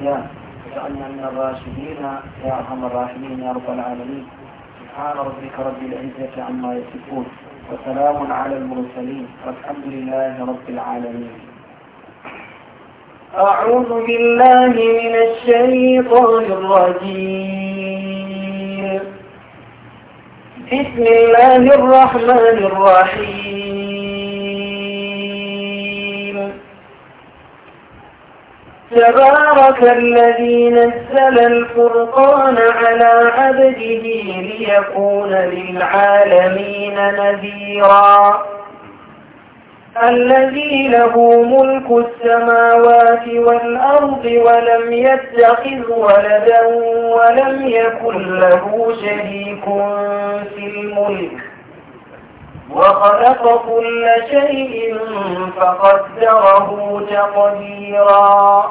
الصيام وجعلنا من الراشدين يا ارحم الراحمين يا رب العالمين سبحان ربك رب العزه عما يصفون وسلام على المرسلين والحمد لله رب العالمين أعوذ بالله من الشيطان الرجيم بسم الله الرحمن الرحيم تبارك الذي نزل الفرقان على عبده ليكون للعالمين نذيرا الذي له ملك السماوات والأرض ولم يتخذ ولدا ولم يكن له شريك في الملك وخلق كل شيء فقدره تقديرا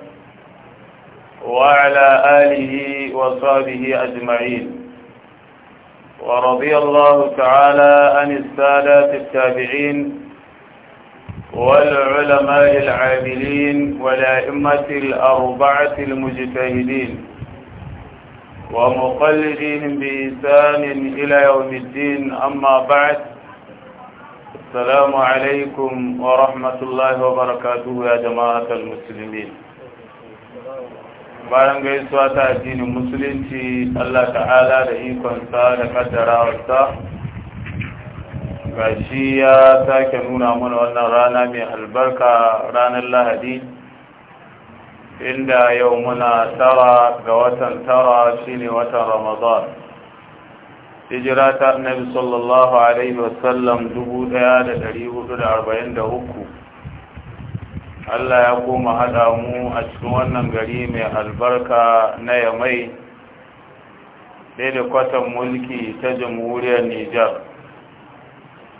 وعلى آله وصحبه أجمعين ورضي الله تعالى عن السادة التابعين والعلماء العاملين والأئمة الأربعة المجتهدين ومقلدين بإنسان إلى يوم الدين أما بعد السلام عليكم ورحمة الله وبركاته يا جماعة المسلمين bayan gaisuwa ta addinin musulunci Allah ta'ala da ikonsa da kaddarawarsa ga shi ya sake nuna mana wannan rana mai albarka ranar lahadi inda yau muna tara ga watan tara shine watan ramadan hijira ta annabi sallallahu alaihi wasallam 1443 Allah ya koma haɗa mu a cikin wannan gari mai albarka na yamai daidai kwatan mulki ta jamhuriyar Nijar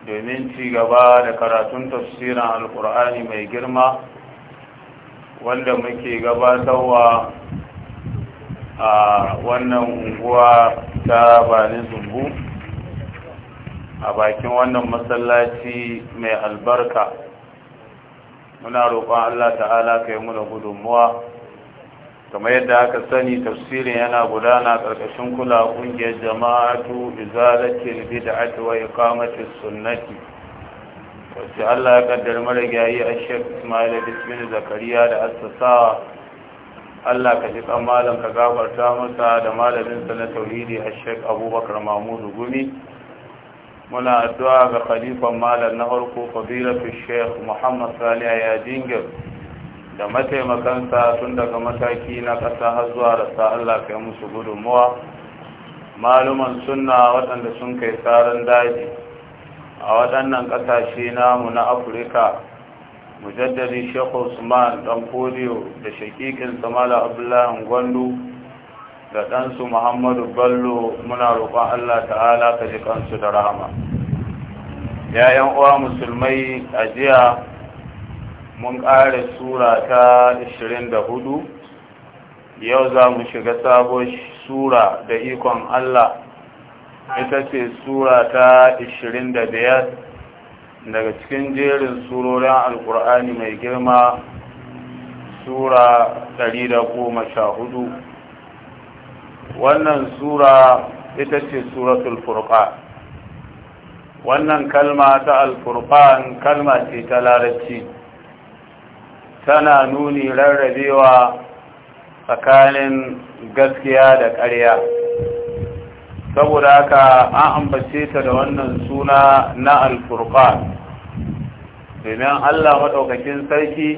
domin ci gaba da karatun tafsirin alkur'ani mai girma wanda muke gabatarwa a wannan unguwa ta bani zumbu a bakin wannan masallaci mai albarka muna roƙon Allah ta'ala ka yi muna gudunmuwa kamar yadda aka sani tafsirin yana gudana ƙarƙashin kula ƙungiyar jama'atu da bid'ati wa iqamati sunnati Wasu Allah ya ƙaddar mara gyayi a shek Ismail Bismin Zakariya da assasawa Allah ka ji kan malam ka gafarta masa da malamin sa na tauhidi a shek Abubakar Mamudu Gumi muna addu'a ga khalifan malam na harko fadilatu sheikh muhammad salih ya dingir da mataimakansa tun daga mataki na ƙasa har zuwa rasa allah kai musu gudunmuwa maluman sunna waɗanda sun kai tsarin daji a waɗannan ƙasashe namu na afirka mujaddadi sheikh usman dan kodiyo da shakikin samala abdullahi gwandu da ɗansu muhammadu ballo muna roƙon allah ta'ala ka ji kansu da rahama yan uwa musulmai a jiya mun ƙare sura ta 24 yau za mu shiga sabon sura da ikon allah ita ce sura ta 25 daga cikin jerin surorin alkur'ani mai girma sura 114 wannan sura ita ce suratul furqan wannan kalma ta alfurqan kalma ce ta larabci tana nuni rarrabewa tsakanin gaskiya da ƙarya saboda haka an ambace ta da wannan suna na alfurqan domin Allah maɗaukakin sarki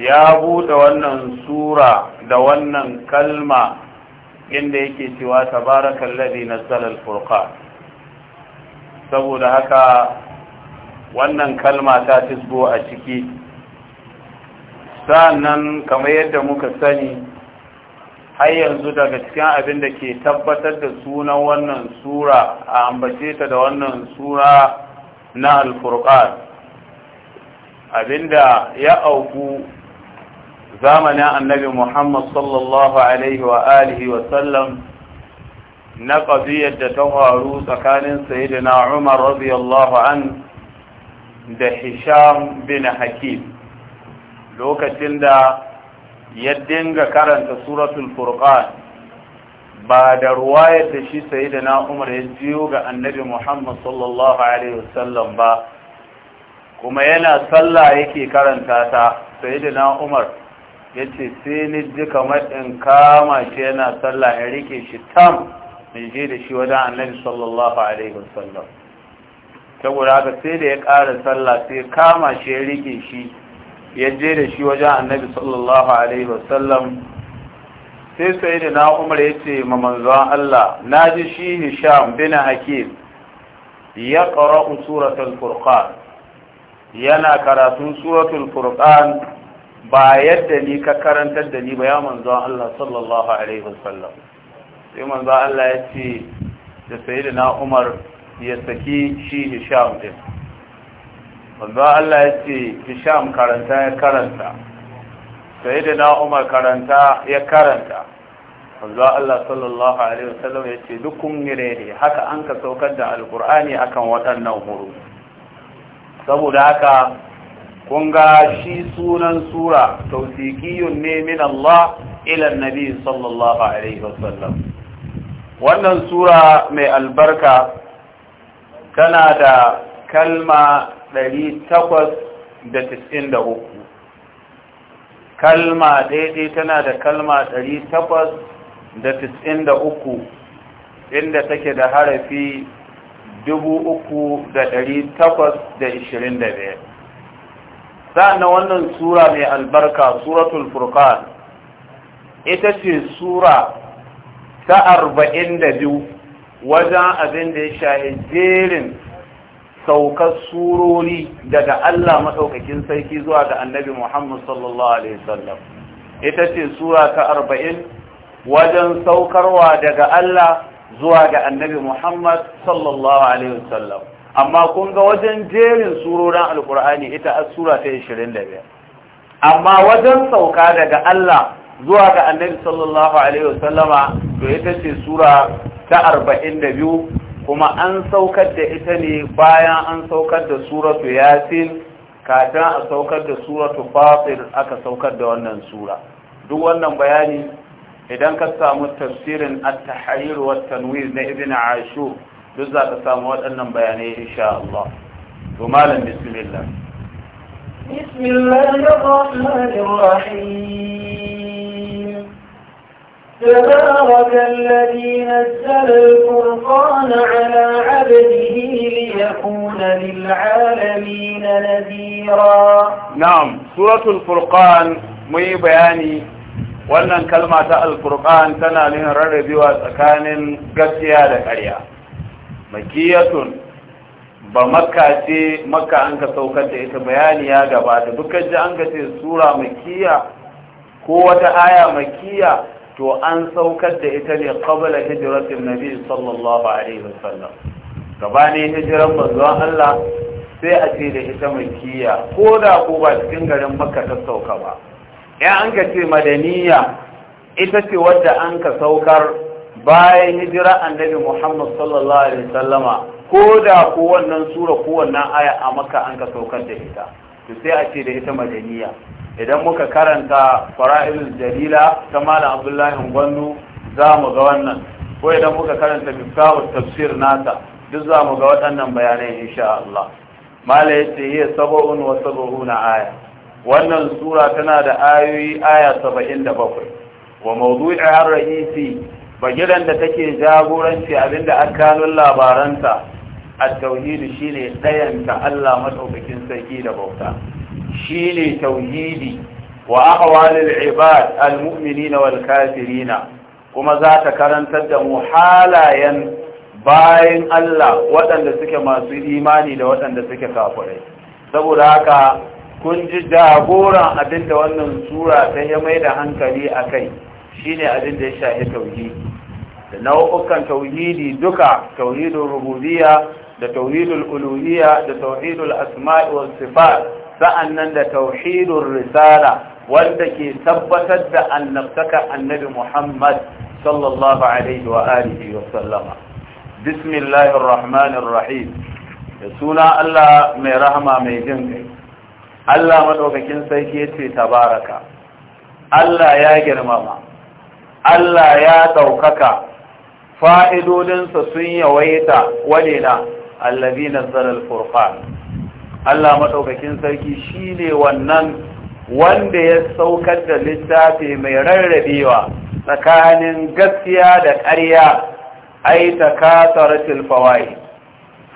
ya buɗe wannan sura da wannan kalma inda yake cewa tabarakal ladhi na al furka. saboda haka wannan kalma ta tisbo a ciki sannan kamar yadda muka sani har yanzu daga cikin abin da ke tabbatar da sunan wannan sura a ambace ta da wannan sura na al-furqan abinda ya auku zamanin annabi Muhammad sallallahu Alaihi wa alihi wasallam na ƙaziyar da ta faru tsakanin Sayyidina Umar radiyallahu an da Hisham bin Hakim lokacin da ya dinga karanta suratul Furqan ba da ruwayar da shi Sayyidina Umar ya jiyo ga annabi Muhammad sallallahu Alaihi wasallam ba kuma yana sallah yake karanta ta Sayyidina Umar ya ce sai ni ji kamar in kama shi yana sallah ya rike shi tam in je da shi wajen annabi sallallahu alaihi wasallam ta guda haka sai da ya ƙara sallah sai kama shi ya rike shi ya je da shi wajen annabi sallallahu alaihi wasallam sai sai da na umar ya ce ma manzon Allah na ji shi hisham bin hakim ya ƙara'u suratul furqan yana karatun suratul furqan ba yadda ni ka karantar da ni ba ya manzo Allah sallallahu alaihi wasallam sai manzo Allah ya ce da sayyidina Umar ya saki shi Hisham din manzo Allah ya ce Hisham karanta ya karanta sayyidina Umar karanta ya karanta manzo Allah sallallahu alaihi wasallam ya ce dukun ne haka an ka saukar da alqur'ani akan waɗannan huru saboda haka kun ga shi sunan sura tausikiyun ne min Allah ila nabi sallallahu alaihi wasallam wannan sura mai albarka tana da kalma 893 kalma daidai tana da kalma 893 inda take da harafi 3825 sa'an wannan sura mai albarka suratul furqan ita ce sura ta arba'in da biyu wajen abin da ya shahi jerin saukar surori daga Allah maɗaukakin sarki zuwa ga annabi Muhammad sallallahu Alaihi wasallam ita ce sura ta arba'in wajen saukarwa daga Allah zuwa ga annabi Muhammad sallallahu Alaihi wasallam amma kun ga wajen jerin surorin alkur'ani ita a sura ta 25 amma wajen sauka daga Allah zuwa ga annabi sallallahu alaihi wasallama to ita ce sura ta 42 kuma an saukar da ita ne bayan an saukar da suratu yasin kafin a saukar da suratu fatir aka saukar da wannan sura duk wannan bayani idan ka samu tafsirin at-tahrir wa tanwir na ibn ashur duk za ka samu waɗannan bayanai insha Allah. To malam bismillah. تبارك الذي نزل القرآن على عبده ليكون للعالمين نذيرا نعم سورة الفرقان مي بياني وأن كلمة القرآن تنالين رد بيوات أكان قسيا لكريا makiyatun ba makka ce makka an ka saukar da ita bayani ya gabata dukkan ji an ka ce sura makiya ko wata aya makiya to an saukar da ita ne qabla hijratin nabi sallallahu alaihi wasallam gabanin hijiran manzon Allah sai a ce da ita makiya ko da ko ba cikin garin makka ta sauka ba ya an ka ce madaniya ita ce wadda an ka saukar bayan hijira annabi Muhammad sallallahu alaihi sallama ko da ko wannan sura ko wannan aya a maka an ka saukar da ita to sai a ce da ita madaniya idan muka karanta fara'ilul jalila ta malam abdullahi gwannu za mu ga wannan ko idan muka karanta miftahu tafsir nata, duk za mu ga waɗannan bayanai insha Allah mala ce hiya sab'un wa sab'una aya wannan sura tana da ayoyi aya 77 wa mawdu'i ar-ra'isi bagiran da take jagoranci abinda akalun labaranta a tauhidi shine ta Allah madaukakin sarki da bauta shine tauhidi wa al ibad almu'minina wal kafirina kuma za ta karantar da mu halayen bayan Allah waɗanda suke masu imani da waɗanda suke kafirai saboda haka kun ji jagoran abinda wannan sura ta ya mai da hankali a kai shine abin da ya shafi tauhidi da nau'ukan tauhidi duka tauhidin rububiyya da tauhidul uluhiyya da tauhidul asma'i was sifat sa'annan da tauhidin risala wanda ke tabbatar da annabtaka annabi Muhammad sallallahu alaihi wa alihi wa sallama bismillahir rahmanir rahim da suna Allah mai rahama mai jin kai Allah madaukakin sarki yace tabaraka Allah ya girmama Allah ya ɗaukaka fa'idodinsa sun yawaita wane na allabi na zarar furfan Allah maɗaukakin sarki shi ne wannan wanda ya saukar da littafi mai rarrabewa tsakanin gaskiya da ƙarya aita ta kasar tilfawai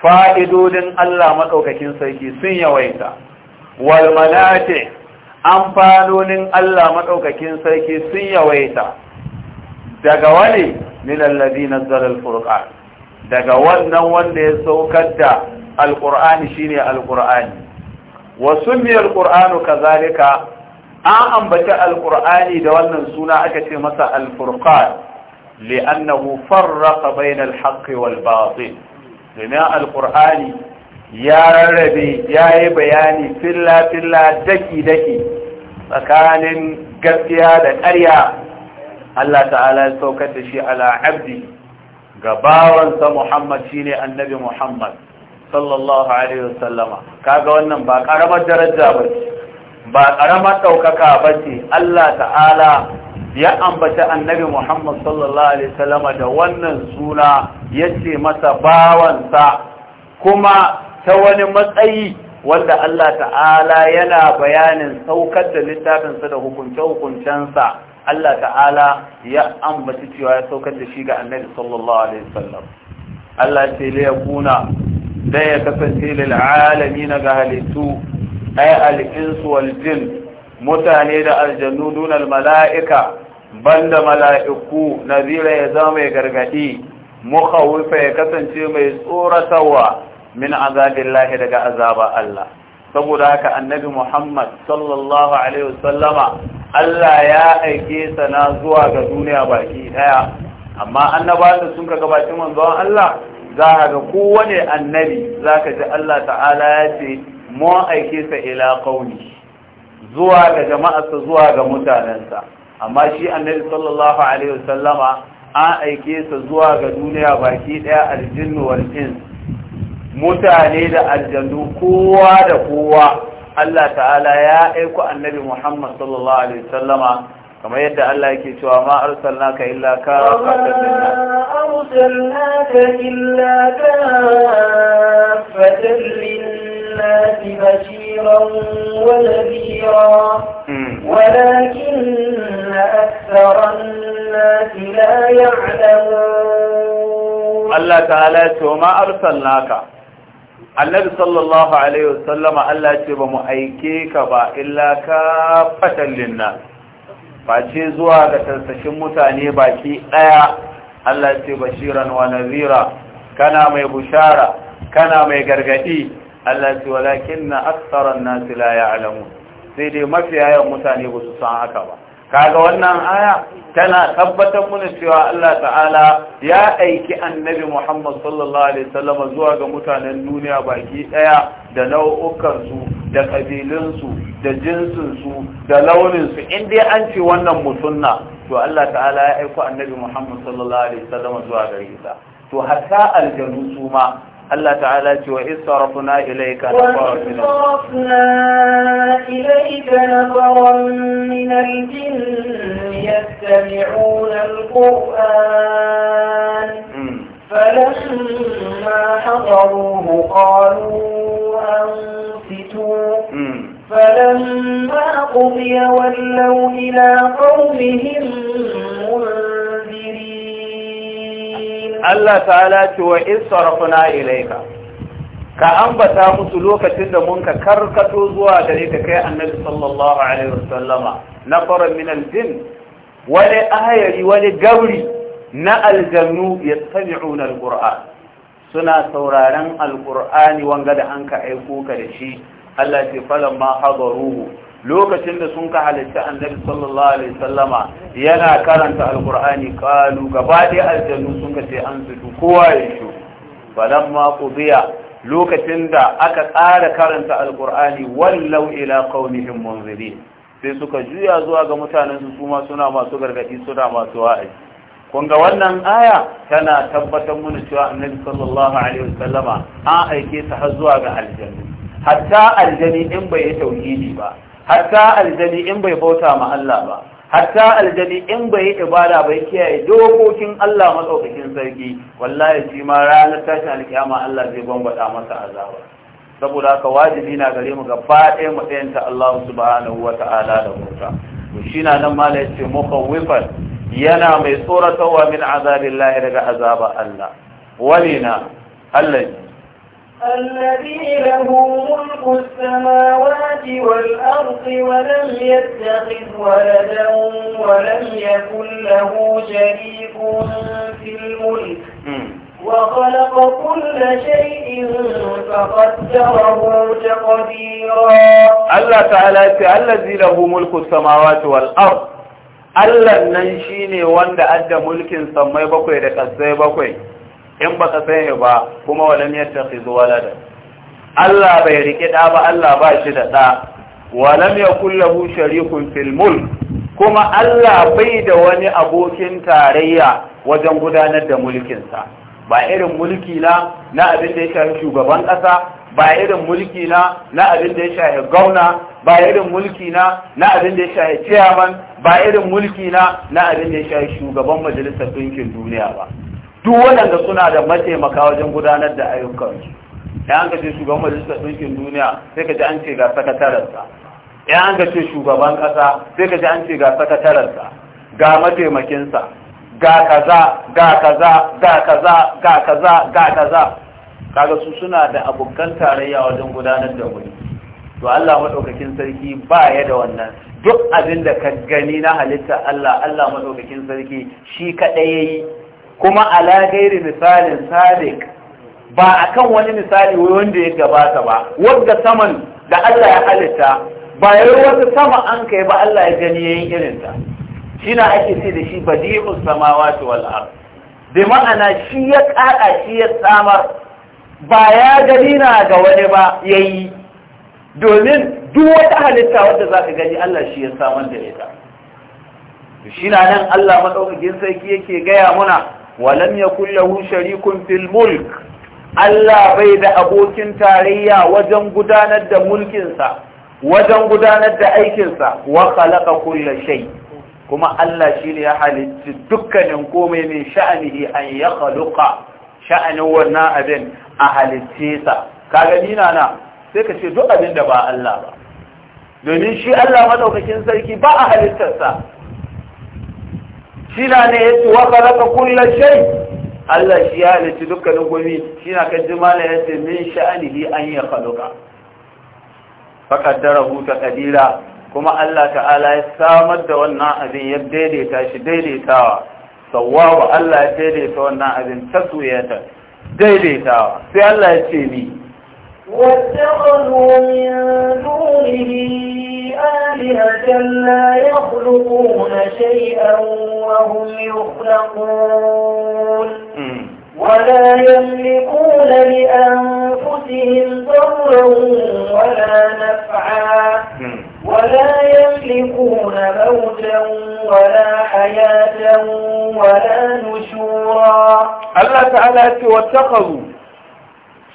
fa'idodin Allah maɗaukakin sarki sun yawaita walmalate amfanonin Allah maɗaukakin sarki sun yawaita daga wani min na nazzala alfurqan daga wannan wanda ya saukar da alqur'ani shine alqur'ani wa sumiya alqur'anu kazalika an ambata alkur'ani da wannan suna aka ce masa alfurqan li'annahu farraqa bayna alhaqqi wal batil domin alqur'ani ya rarrabe yayi bayani filla filla daki daki tsakanin gaskiya da ƙarya Allah ta'ala ya saukar da shi ala abdi ga bawansa Muhammad ne annabi Muhammad sallallahu alaihi wasallama kaga wannan ba karamar daraja ba ba karamar ɗaukaka ba ce Allah ta'ala ya ambata annabi Muhammad sallallahu alaihi wasallama da wannan suna ya ce masa bawansa kuma ta wani matsayi wanda Allah ta'ala yana bayanin saukar da littafinsa da hukunce-hukuncensa Allah ta'ala ya ambaci cewa ya saukar da shi ga annabi sallallahu alaihi wasallam Allah ce ya kuna da ya kasance lil alamin ga halittu ay al insu wal jin mutane da aljannu dun al malaika banda mala'iku nazira ya zama mai gargadi mukhawifa ya kasance mai tsoratarwa min azabillahi daga azaba Allah saboda haka annabi Muhammad sallallahu alaihi wasallama Allah ya aike sa na zuwa ga duniya baki daya amma annabawan sun ka gabatin manzon Allah za ka ga kowane annabi za ka ji Allah ta'ala ya ce mu aike sa ila qaumi zuwa ga jama'arsa zuwa ga mutanensa amma shi annabi sallallahu alaihi wasallama an aike sa zuwa ga duniya baki daya aljinnu wal ins mutane da aljannu kowa da kowa Allah ta'ala ya aiko annabi Muhammad sallallahu alaihi wasallama kamar yadda Allah yake cewa ma arsalnaka illa ka arsalnaka illa ka fadlin الناس بشيرا ونذيرا ولكن أكثر الناس لا يعلمون الله تعالى وما أرسلناك annabi sallallahu alaihi wasallama Allah ce ba mu aike ka ba illa ka fatan linna zuwa ga tarsashin mutane baki daya Allah ce bashiran wa nazira kana mai bushara kana mai gargadi Allah ce walakinna aktharan nas la ya'lamun sai dai mafiya yawan mutane ba su san haka ba kaga wannan aya tana tabbatar mana cewa Allah ta'ala ya aiki annabi Muhammad sallallahu alaihi wasallam zuwa ga mutanen duniya baki daya da nau'ukan su da kabilun su da jinsin su da launin su in dai an ce wannan musunna to Allah ta'ala ya aiko annabi Muhammad sallallahu alaihi wasallam zuwa ga ta to hatta aljanu su ma الله تعالى وإذ صرفنا إليك نفرا من الجن يستمعون القرآن فلما حضروه قالوا أنفتوا فلما قضي ولوا إلى قومهم Allah ta'ala ce wa in sarafuna ilaika ka ambata musu lokacin da mun ka karkato zuwa gare ka kai annabi sallallahu alaihi wasallama nafaran min aljin wani ayari wani gabri na aljannu yastami'una alquran suna sauraron alqur'ani wanga da an ka aiko ka da shi Allah ce falamma hadaruhu lokacin da sun ka halitta annabi sallallahu alaihi sallama yana karanta alkur'ani kalu gaba aljannu sun ka ce an su kowa ya shi balan biya lokacin da aka ƙara karanta alkur'ani wallau ila qaumihim munzirin sai suka juya zuwa ga mutanen su suna masu gargadi suna masu wa'azi kun ga wannan aya tana tabbatar mana cewa annabi sallallahu alaihi wasallama an aike sa har zuwa ga aljannu hatta aljani in bai yi tauhidi ba hatta aljali in bai bauta ma Allah ba hatta aljali in bai yi ibada bai kiyaye dokokin Allah matsaukakin sarki wallahi shi ma ranar tashin alkiyama Allah zai bambata masa azaba saboda haka wajibi na gare mu gaba ɗaya mu tsayanta Allah subhanahu wa ta'ala da bauta to shi na nan ma la yace yana mai wa min azabillahi daga azaba Allah Wani na, Allah الذي له ملك السماوات والأرض ولم يتخذ ولدا ولم يكن له شريك في الملك وخلق كل شيء فقدره تقديرا الله تعالى الذي له ملك السماوات والأرض Allah nan shine wanda adda mulkin sammai bakwai da ƙasai bakwai in baka sani ba kuma walam zuwa walada Allah bai rike da ba Allah ba shi da da walam ya kullahu sharikun fil mulk kuma Allah bai da wani abokin tarayya wajen gudanar da mulkinsa ba irin mulki na na abin da ya shafi shugaban kasa? ba irin mulki na na abin da ya shafi gauna ba irin mulki na na abin da ya shafi chairman ba irin mulki na na abin da ya shafi shugaban majalisar ɗinkin duniya ba duk waɗanda suna da mataimaka wajen gudanar da ayyukansu ya an gace shugaban majalisar ɗinkin duniya sai ka ji an ce ga sakatararsa ya an gace shugaban ƙasa sai ka ji an ce ga sakatararsa ga mataimakinsa ga kaza ga kaza ga kaza ga kaza ga kaza kaga su suna da abokan tarayya wajen gudanar da wuri, to Allah madaukakin sarki ba ya da wannan duk abin da ka gani na halitta Allah Allah madaukakin sarki shi kadai yayi kuma ala gairi misalin sadiq ba akan wani misali wanda ya gabata ba wadda saman da Allah ya halitta ba yayin wata sama an kai ba Allah ya gani yayin ta shine ake ce da shi badi'us samawati wal ard bi ma'ana shi ya kada shi ya samar ba ya gani na ga wani ba yayi domin duk wata halitta wadda za ka gani Allah shi ya samar da ita shi na nan Allah madaukakin sarki yake gaya muna walam yakul lahu sharikun fil mulk Allah bai da abokin tarayya wajen gudanar da mulkinsa wajen gudanar da aikinsa wa khalaqa kulla shay kuma Allah shine ya halitta dukkanin komai mai sha'anihi an ya khaluqa sha'anin wannan abin a halitta sa kaga nina na sai ka ce duk abin da ba Allah ba domin shi Allah madaukakin sarki ba a halittarsa Shina ne ya ce wa khalaqa kulla shai? Allah shi ya halitta dukkanin gumi shi na kan jima na ya ce min sha'anihi an yi ya khalaqa faqaddarahu taqdira kuma Allah ta'ala ya samar da wannan abin ya daidaita shi daidaitawa sauwawa Allah ya daidaita wannan abin taswiyata daidaitawa sai Allah ya ce ni واتخذوا من دونه آلهة لا يخلقون شيئا وهم يخلقون ولا يملكون لأنفسهم ضرا ولا نفعا ولا يملكون موتا ولا حياة ولا نشورا الله تعالى واتخذوا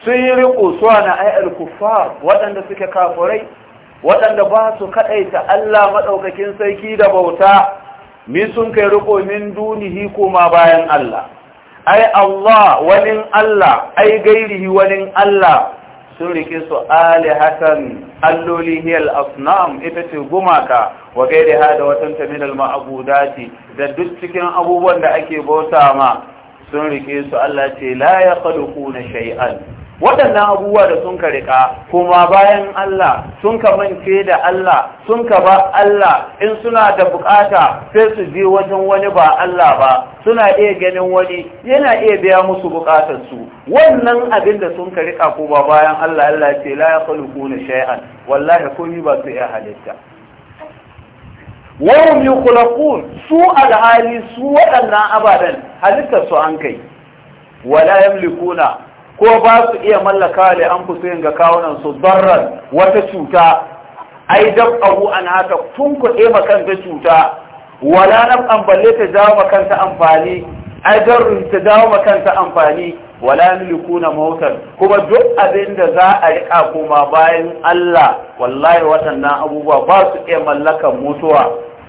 sun yi riƙo suwa na ayar kufa waɗanda suke kafurai waɗanda ba su kaɗaita Allah maɗaukakin sarki da bauta mi sun kai riƙo min dunihi koma bayan Allah ai Allah wani Allah ai gairihi wani Allah sun riƙe su Hassan, alloli hiyar asnam ita ce gumaka wa gairi ha da watan tamilal ma'abudati da duk cikin abubuwan da ake bauta ma sun rike su Allah ce la ya kalu kuna shay'an waɗannan abubuwa da sun ka riƙa kuma bayan Allah sun ka mance da Allah sun ka ba Allah in suna da bukata sai su je wajen wani ba Allah ba suna iya ganin wani yana iya biya musu su. wannan abin da sun ka riƙa ko bayan Allah Allah ce la ya khuluquna shay'an wallahi komai ba su iya halitta wahum yukhlaqun su alhali su waɗannan abadan halitta su an kai wala yamlikuna ko ba su iya mallaka da an yin ga kawunan su wata cuta ai dab abu an haka tun ku ɗema kanta cuta wala nan an balle ta jawo makanta amfani ai darrin ta jawo makanta amfani wala milikuna mautan kuma duk abin da za a riƙa kuma bayan Allah wallahi waɗannan abubuwa ba su iya mallakan mutuwa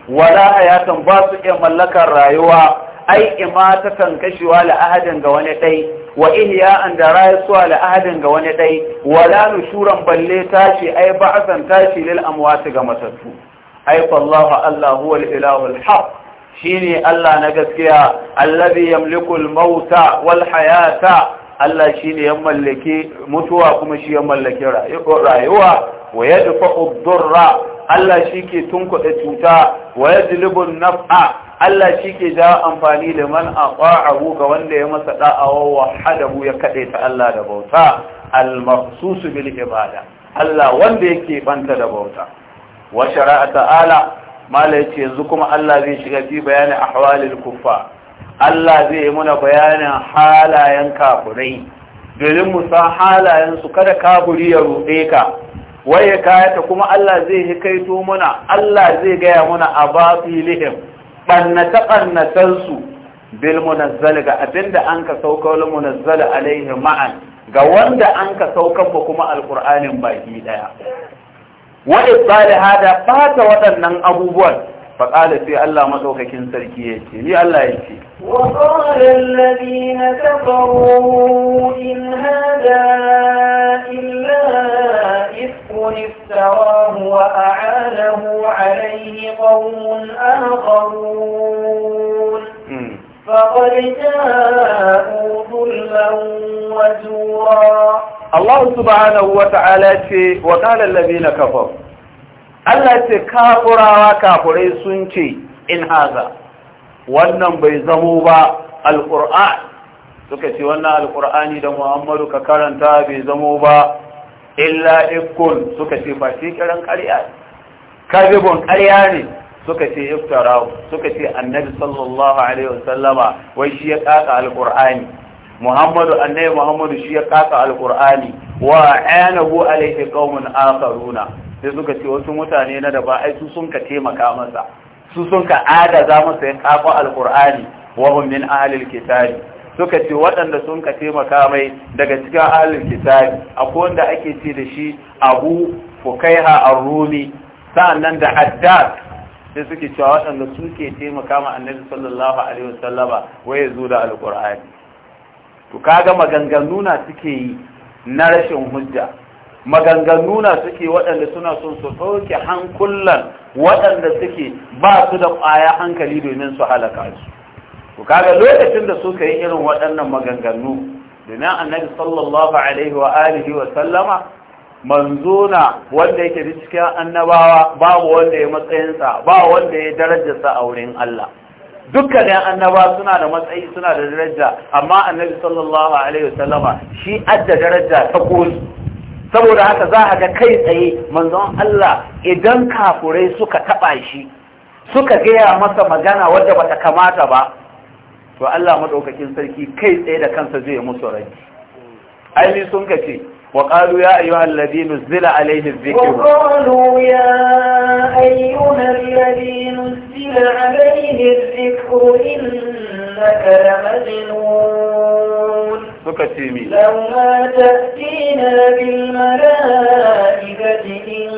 wala hayatan ba su iya mallakan rayuwa ai imata kan kashewa la ahadin ga wani ɗai wa ihya'an da rayuwa la ahadin ga wani ɗai wala nushuran balle tashi ai ba'asan tashi lil amwati ga matattu ai fallahu allah huwa al-ilahu haq shine allah na gaskiya allazi yamliku al-mauta wal hayata allah shine ya mallake mutuwa kuma shi ya mallake rayuwa wa yadfa'u ad-durra allah shi ke tunkuɗe cuta wa yajlibu an-naf'a Allah shi ke ja amfani da man a ga wanda ya masa da'awa wahadahu ya kaɗe ta Allah da bauta al-maqsusu bil ibada Allah wanda yake banta da bauta wa shari'a ta'ala mala yace yanzu kuma Allah zai shiga fi bayani ahwalil kuffa Allah zai yi muna bayanin halayen kafirai domin mu san halayen su kada kafiri ya ruɗe ka waye kayata kuma Allah zai hikaito muna Allah zai gaya muna a batilihim ɓannata-ɓannatansu bil ga abinda an ka sauka wal munazzali alaihi ma'an ga wanda an ka saukan ba kuma alƙur'anin baki ɗaya wa isbali hada ɓata waɗannan abubuwan faƙala sai Allah maɗaukakin sarki ya ce ni Allah ya ce وقال الذين كفروا إن هذا إلا إفك افتراه وأعانه عليه قوم آخرون فقد جاءوا ظلما وزورا الله سبحانه وتعالى وقال الذين كفروا Allah ce kafurawa kafurai sun ce in haza wannan bai zamo ba alƙur'an suka ce wannan alƙur'ani da muhammadu ka karanta bai zamo ba illa ikkun suka ce ba shi kiran ƙarya ne kazibun ƙarya ne suka ce iftarahu suka ce annabi sallallahu alaihi wasallama wai shi ya kaka alƙur'ani muhammadu annabi muhammadu shi ya kaka alkur'ani wa ayanahu alaihi qaumun akharuna sai suka ce wasu mutane na da ai su sun ka taimaka masa su sun ka agaza masa ya kafa alqur'ani wa hum min ahlil kitabi suka ce waɗanda sun ka taimaka mai daga cikin ahlil kitabi akwai wanda ake ce da shi abu fukaiha ar-rumi sa'annan da haddad sai suke cewa waɗanda suke taimaka ma annabi sallallahu alaihi wasallama waye zo da alqur'ani to kaga maganganu na suke yi na rashin hujja maganganu na suke waɗanda suna son su ɗauke hankulan waɗanda suke ba su da ƙwaya hankali domin su halaka su Ku kaga lokacin da suka yi irin waɗannan maganganu domin annabi sallallahu alaihi wa alihi wa sallama manzo na wanda yake da cikin annabawa babu wanda ya matsayinsa ba wanda ya darajarsa a wurin Allah dukkanin annaba suna da matsayi suna da daraja amma annabi sallallahu alaihi sallama, shi adda daraja ta koli saboda haka za a ga kai tsaye manzon Allah idan kafurai suka taɓa shi suka gaya masa magana wadda bata kamata ba to Allah madaukakin sarki kai tsaye da kansa zai musu rai ainihin sun ka ce. qalu ya يا أيها الذي alayhi عليه wa qalu ya أيها الذي نزل alayhi الذكر innaka lamajnun suka ce mi lauma ta'tina bil malaikati in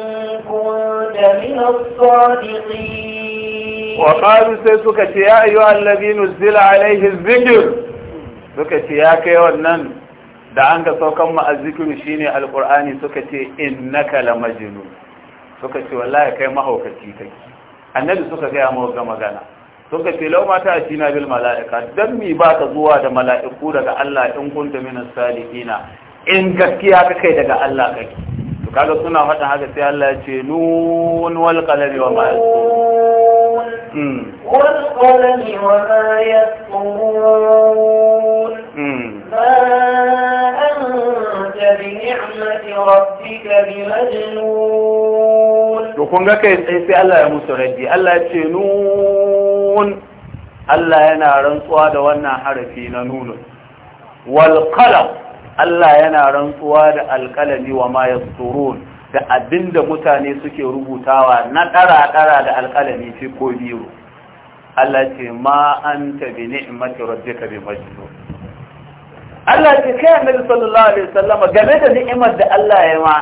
kunta min as-sadiqin wa qalu sai suka ce ya ayyuhal ladhi nuzila alayhi zikir suka ce ya kai wannan da an ga saukan mu azzikiru shine alqur'ani suka ce innaka lamajnun suka ce wallahi kai mahaukaci kake annabi suka ga ya mawa magana sun ka ce lau mata shi na bil mala'ika don mi ba ka zuwa da mala'iku daga Allah in kunta minas salihina in gaskiya ka kai daga Allah kake kaga suna faɗin haka sai Allah ya ce nun wal qalami wa ma hmm. wal qalami wa ma yasturun hmm. ma anta bi ni'mati rabbika bi majnun to kun ga kai sai Allah ya musu raddi Allah ya ce nun Allah yana rantsuwa da wannan harafi na nunun wal qalam Allah yana rantsuwa da alƙalami wa ma yasturun da abinda mutane suke rubutawa na ɗara-ɗara da alƙalami fi ko biyu Allah ce ma anta bi ni'mati rabbika bi majnun Allah ce kai Annabi sallallahu alaihi wasallam game da ni'imar da Allah ya ma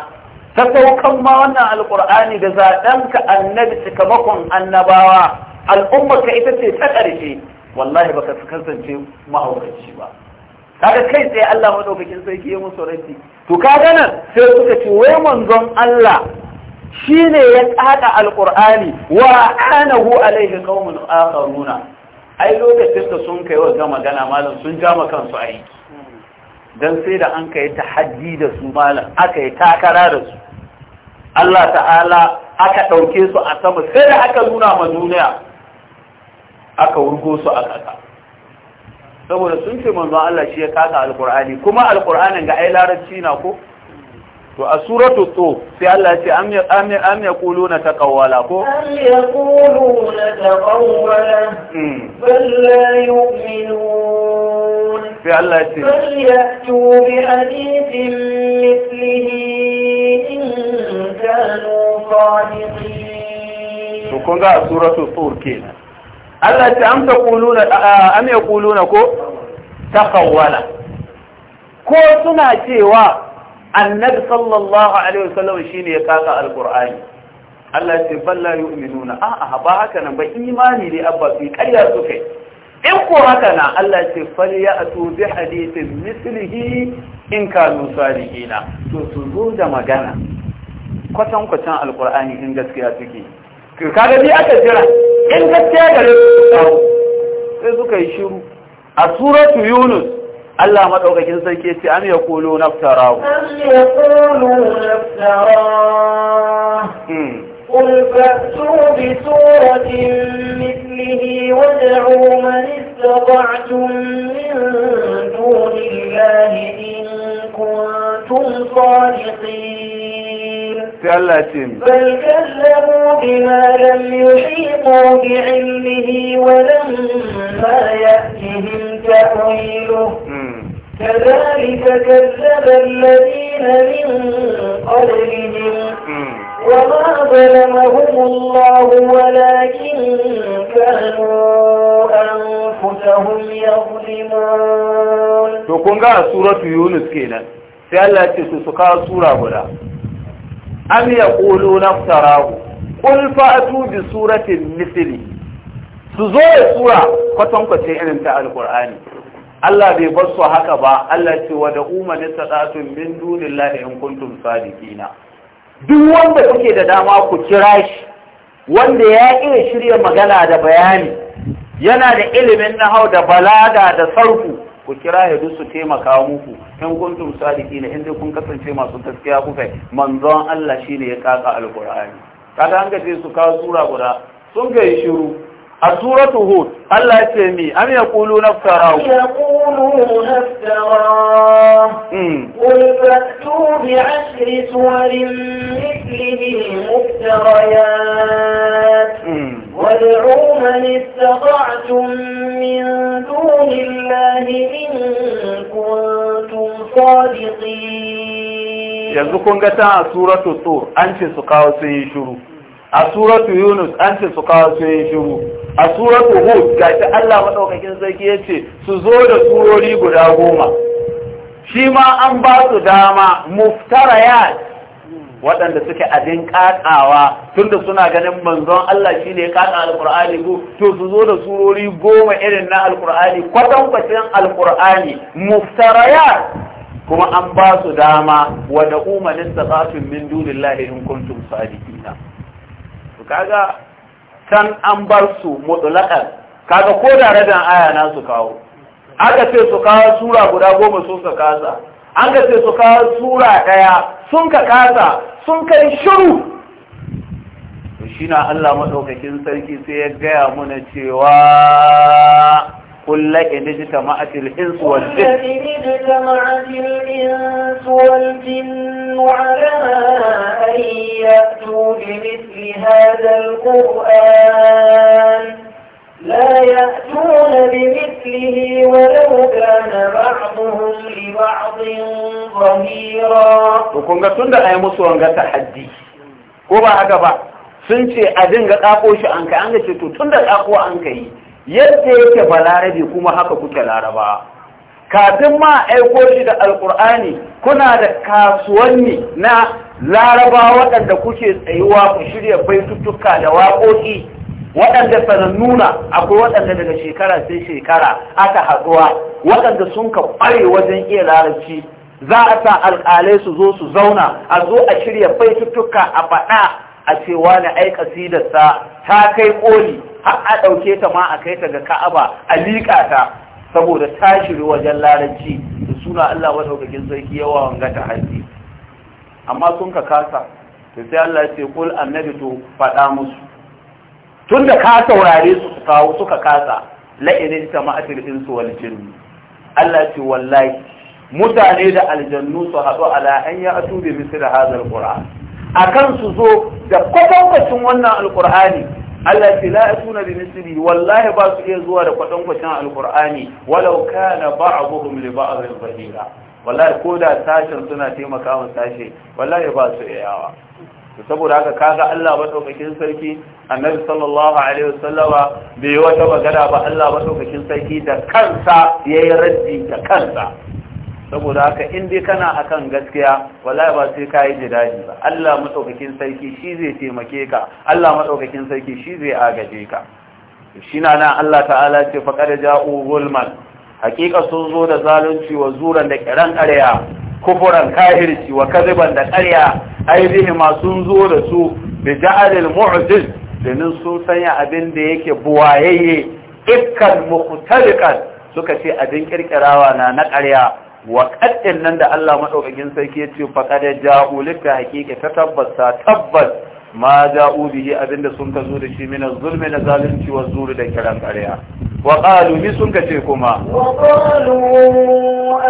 ta saukan ma wannan Alƙur'ani da zaɗan ka annabi cikamakon annabawa al'umma ka ita ce ta ƙarshe wallahi baka kasance mahaukaci ba kaga kai tsaye Allah madaukakin sarki ya musu ranti, to ka gana sai suka ce wai manzon Allah shine ya tsaka alqur'ani wa anahu alaihi qaumun akharuna ai lokacin da sun kai wa magana malam sun ja kansu ai dan sai da an kai tahaddi da su malam aka yi takara da su Allah ta'ala aka ɗauke su a sama sai da aka nuna ma duniya aka wurgo su a ƙasa saboda sun ce manzo Allah shi ya kasa alqur'ani kuma alqur'anin ga ai larabci na ko to a suratu to sai Allah ya ce am ya am ya am yaquluna taqawwala ko am ya yaquluna taqawwala hmm. bal la yu'minun sai Allah ya ce bal ya'tu bi hadithin mithlihi in kanu sadiqin to kun ga suratu tur kenan Allah ta amsa kuluna am ya kuluna ko ta takawwala ko suna cewa annabi sallallahu alaihi wasallam shine ya kaka alqur'ani Allah ce balla yu'minuna a ba haka nan ba imani ne abba fi ƙarya su kai in ko haka na Allah ce falyatu bi hadithin mislihi in kanu salihina to su zo da magana kwatan kwatan alqur'ani in gaskiya ka ga bi aka jira in gaskiya gare su kawo sai suka yi shiru a suratu yunus Allah maɗaukakin sarki ce an naftara ya kolo naftarahu قل فأتوا بسورة مثله وادعوا من استطعتم من دون الله إن كنتم صادقين sai Allah ce mi bal kallamu bima lam yuhiqu bi ilmihi wa lam hmm. hmm. ma ya'tihim ta'wiluhu كذلك كذب الذين من قبلهم وما ظلمهم الله ولكن كانوا أنفسهم يظلمون تقول سورة يونس كينا sai Allah ce su su sura guda am na naftarahu qul fa’atu bi suratin Misiri. su zo ya sura kwatankwacin irin ta alqur'ani Allah bai bar su haka ba Allah ce wa da umman sadatun min dunillahi in kuntum sadiqina duk wanda kuke da dama ku kira shi wanda ya iya shirya magana da bayani yana da ilimin nahau da balada da sarfu ku kira ya su taimaka muku in kuntum sadiqina in dai kun kasance masu gaskiya kuka manzon Allah shine ya kaka alqur'ani kaga an gaje su kawo sura guda sun ga shiru a suratu hud Allah ya ce mi am yaqulu naftarahu yaqulu naftarahu hmm. qul fa'tu bi ashri suwarin mithlihi muftariyat hmm. wad'u man istata'tum min duni Allahi in kuntum sadiqin yanzu kun ga ta suratu tur an ce su kawo sun yi shiru a suratu yunus an ce su kawo su yi shiru a suratu hud ga ta allah maɗaukakin sarki ya ce su zo da surori guda goma shi ma an ba su dama muftarayat waɗanda suke abin ƙaƙawa tunda suna ganin manzon Allah shi ne ƙaƙa alƙur'ani ko to su zo da surori goma irin na alƙur'ani kwatan alƙur'ani muftarayat kuma an ba su dama wa da umarin da zafin min dunillahi in kuntum sadiqina kaga can an bar su mutlaqan kaga ko da radan aya na su kawo aka ce su kawo sura guda goma sun ka kasa an ka ce su kawo sura ɗaya sun ka kasa sun kai shiru to shi na Allah maɗaukakin sarki sai ya gaya mana cewa قل لئن اجتمعت الإنس والجن لئن اجتمعت الإنس والجن على أن يأتوا بمثل هذا القرآن لا يأتون بمثله ولو كان بعضهم لبعض ظهيرا وكن قد أي مصر أنك تحدي كوبا هكذا sun ce a dinga ƙaƙo shi an kai an ga ce to tun da ƙaƙo an kai yadda yake balarabe kuma haka kuke laraba kafin ma aiko shi da alkur'ani kuna da kasuwanni na laraba waɗanda kuke tsayuwa ku shirya baitutuka da waƙoƙi waɗanda sanannuna akwai waɗanda daga shekara sai shekara aka haɗuwa waɗanda sun ka ƙware wajen iya larabci za a sa alƙalai su zo su zauna a zo a shirya baitutuka a faɗa a cewa na aika sidarsa ta kai ƙoli har a ɗauke ta ma a kai ta ga ka'aba a liƙa ta saboda ta shiru wajen larabci da suna Allah wa ɗaukakin sarki yawa wanga ta haifi amma sun ka kasa da sai Allah ya ce kul annabi to faɗa musu tun da ka saurare su su kawo suka kasa la'irin jama'atul su wal jinni Allah ce wallahi mutane da aljannu su haɗu ala an ya atu bi misir hazal qur'an akan su zo da kwatankwacin wannan alqur'ani Allah ce la yatuna bi misli wallahi ba su iya zuwa da kwatan kwatan alqur'ani walau kana ba'dhum li ba'dhin zahira wallahi ko da sashin suna taimaka wa sashi wallahi ba su iyawa saboda haka kaga Allah maɗaukakin sarki annabi sallallahu alaihi wasallama bai wata magana ba Allah maɗaukakin sarki da kansa yayi raddi da kansa saboda haka in dai kana akan gaskiya wallahi ba sai kai jidali ba Allah madaukakin sarki shi zai taimake ka Allah madaukakin sarki shi zai agaje ka shi na nan Allah ta'ala ce faqad ja'u zulman haqiqa sun zo da zalunci wa zuran da kiran ƙarya kufuran kafirci wa kaziban da ƙarya aibihi ma sun zo da su bi ja'alil mu'jiz domin sun sanya abin da yake buwayayye ikkan muhtalikan suka ce abin kirkirawa na na ƙarya wa kaddin nan da Allah madaukakin sarki yace faqad ja'u lika haqiqa ta tabbata tabbas ma ja'u bihi abinda sun ka zo da shi min zulme na zalunci wa zuri da kiran ƙarya wa qalu ni sun ka ce kuma wa qalu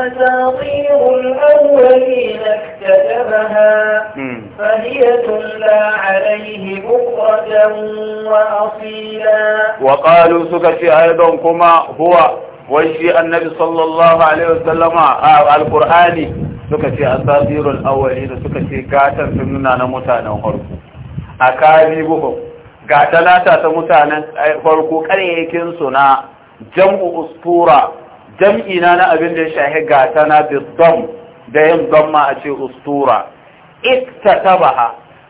asatirul awwalin iktadabaha hmm. fahiyatun la alayhi bukratan wa asila wa qalu suka ce aidan kuma huwa wai shi annabi sallallahu alaihi wasallama a alqur'ani suka ce asabirul awwalin suka ce gatan sun nuna na mutanen farko akalibuhum ga talata ta mutanen eh, farko karyakin su na jam'u ustura jam'i na abin da ya shahi gata na biddam da yin damma a ce ustura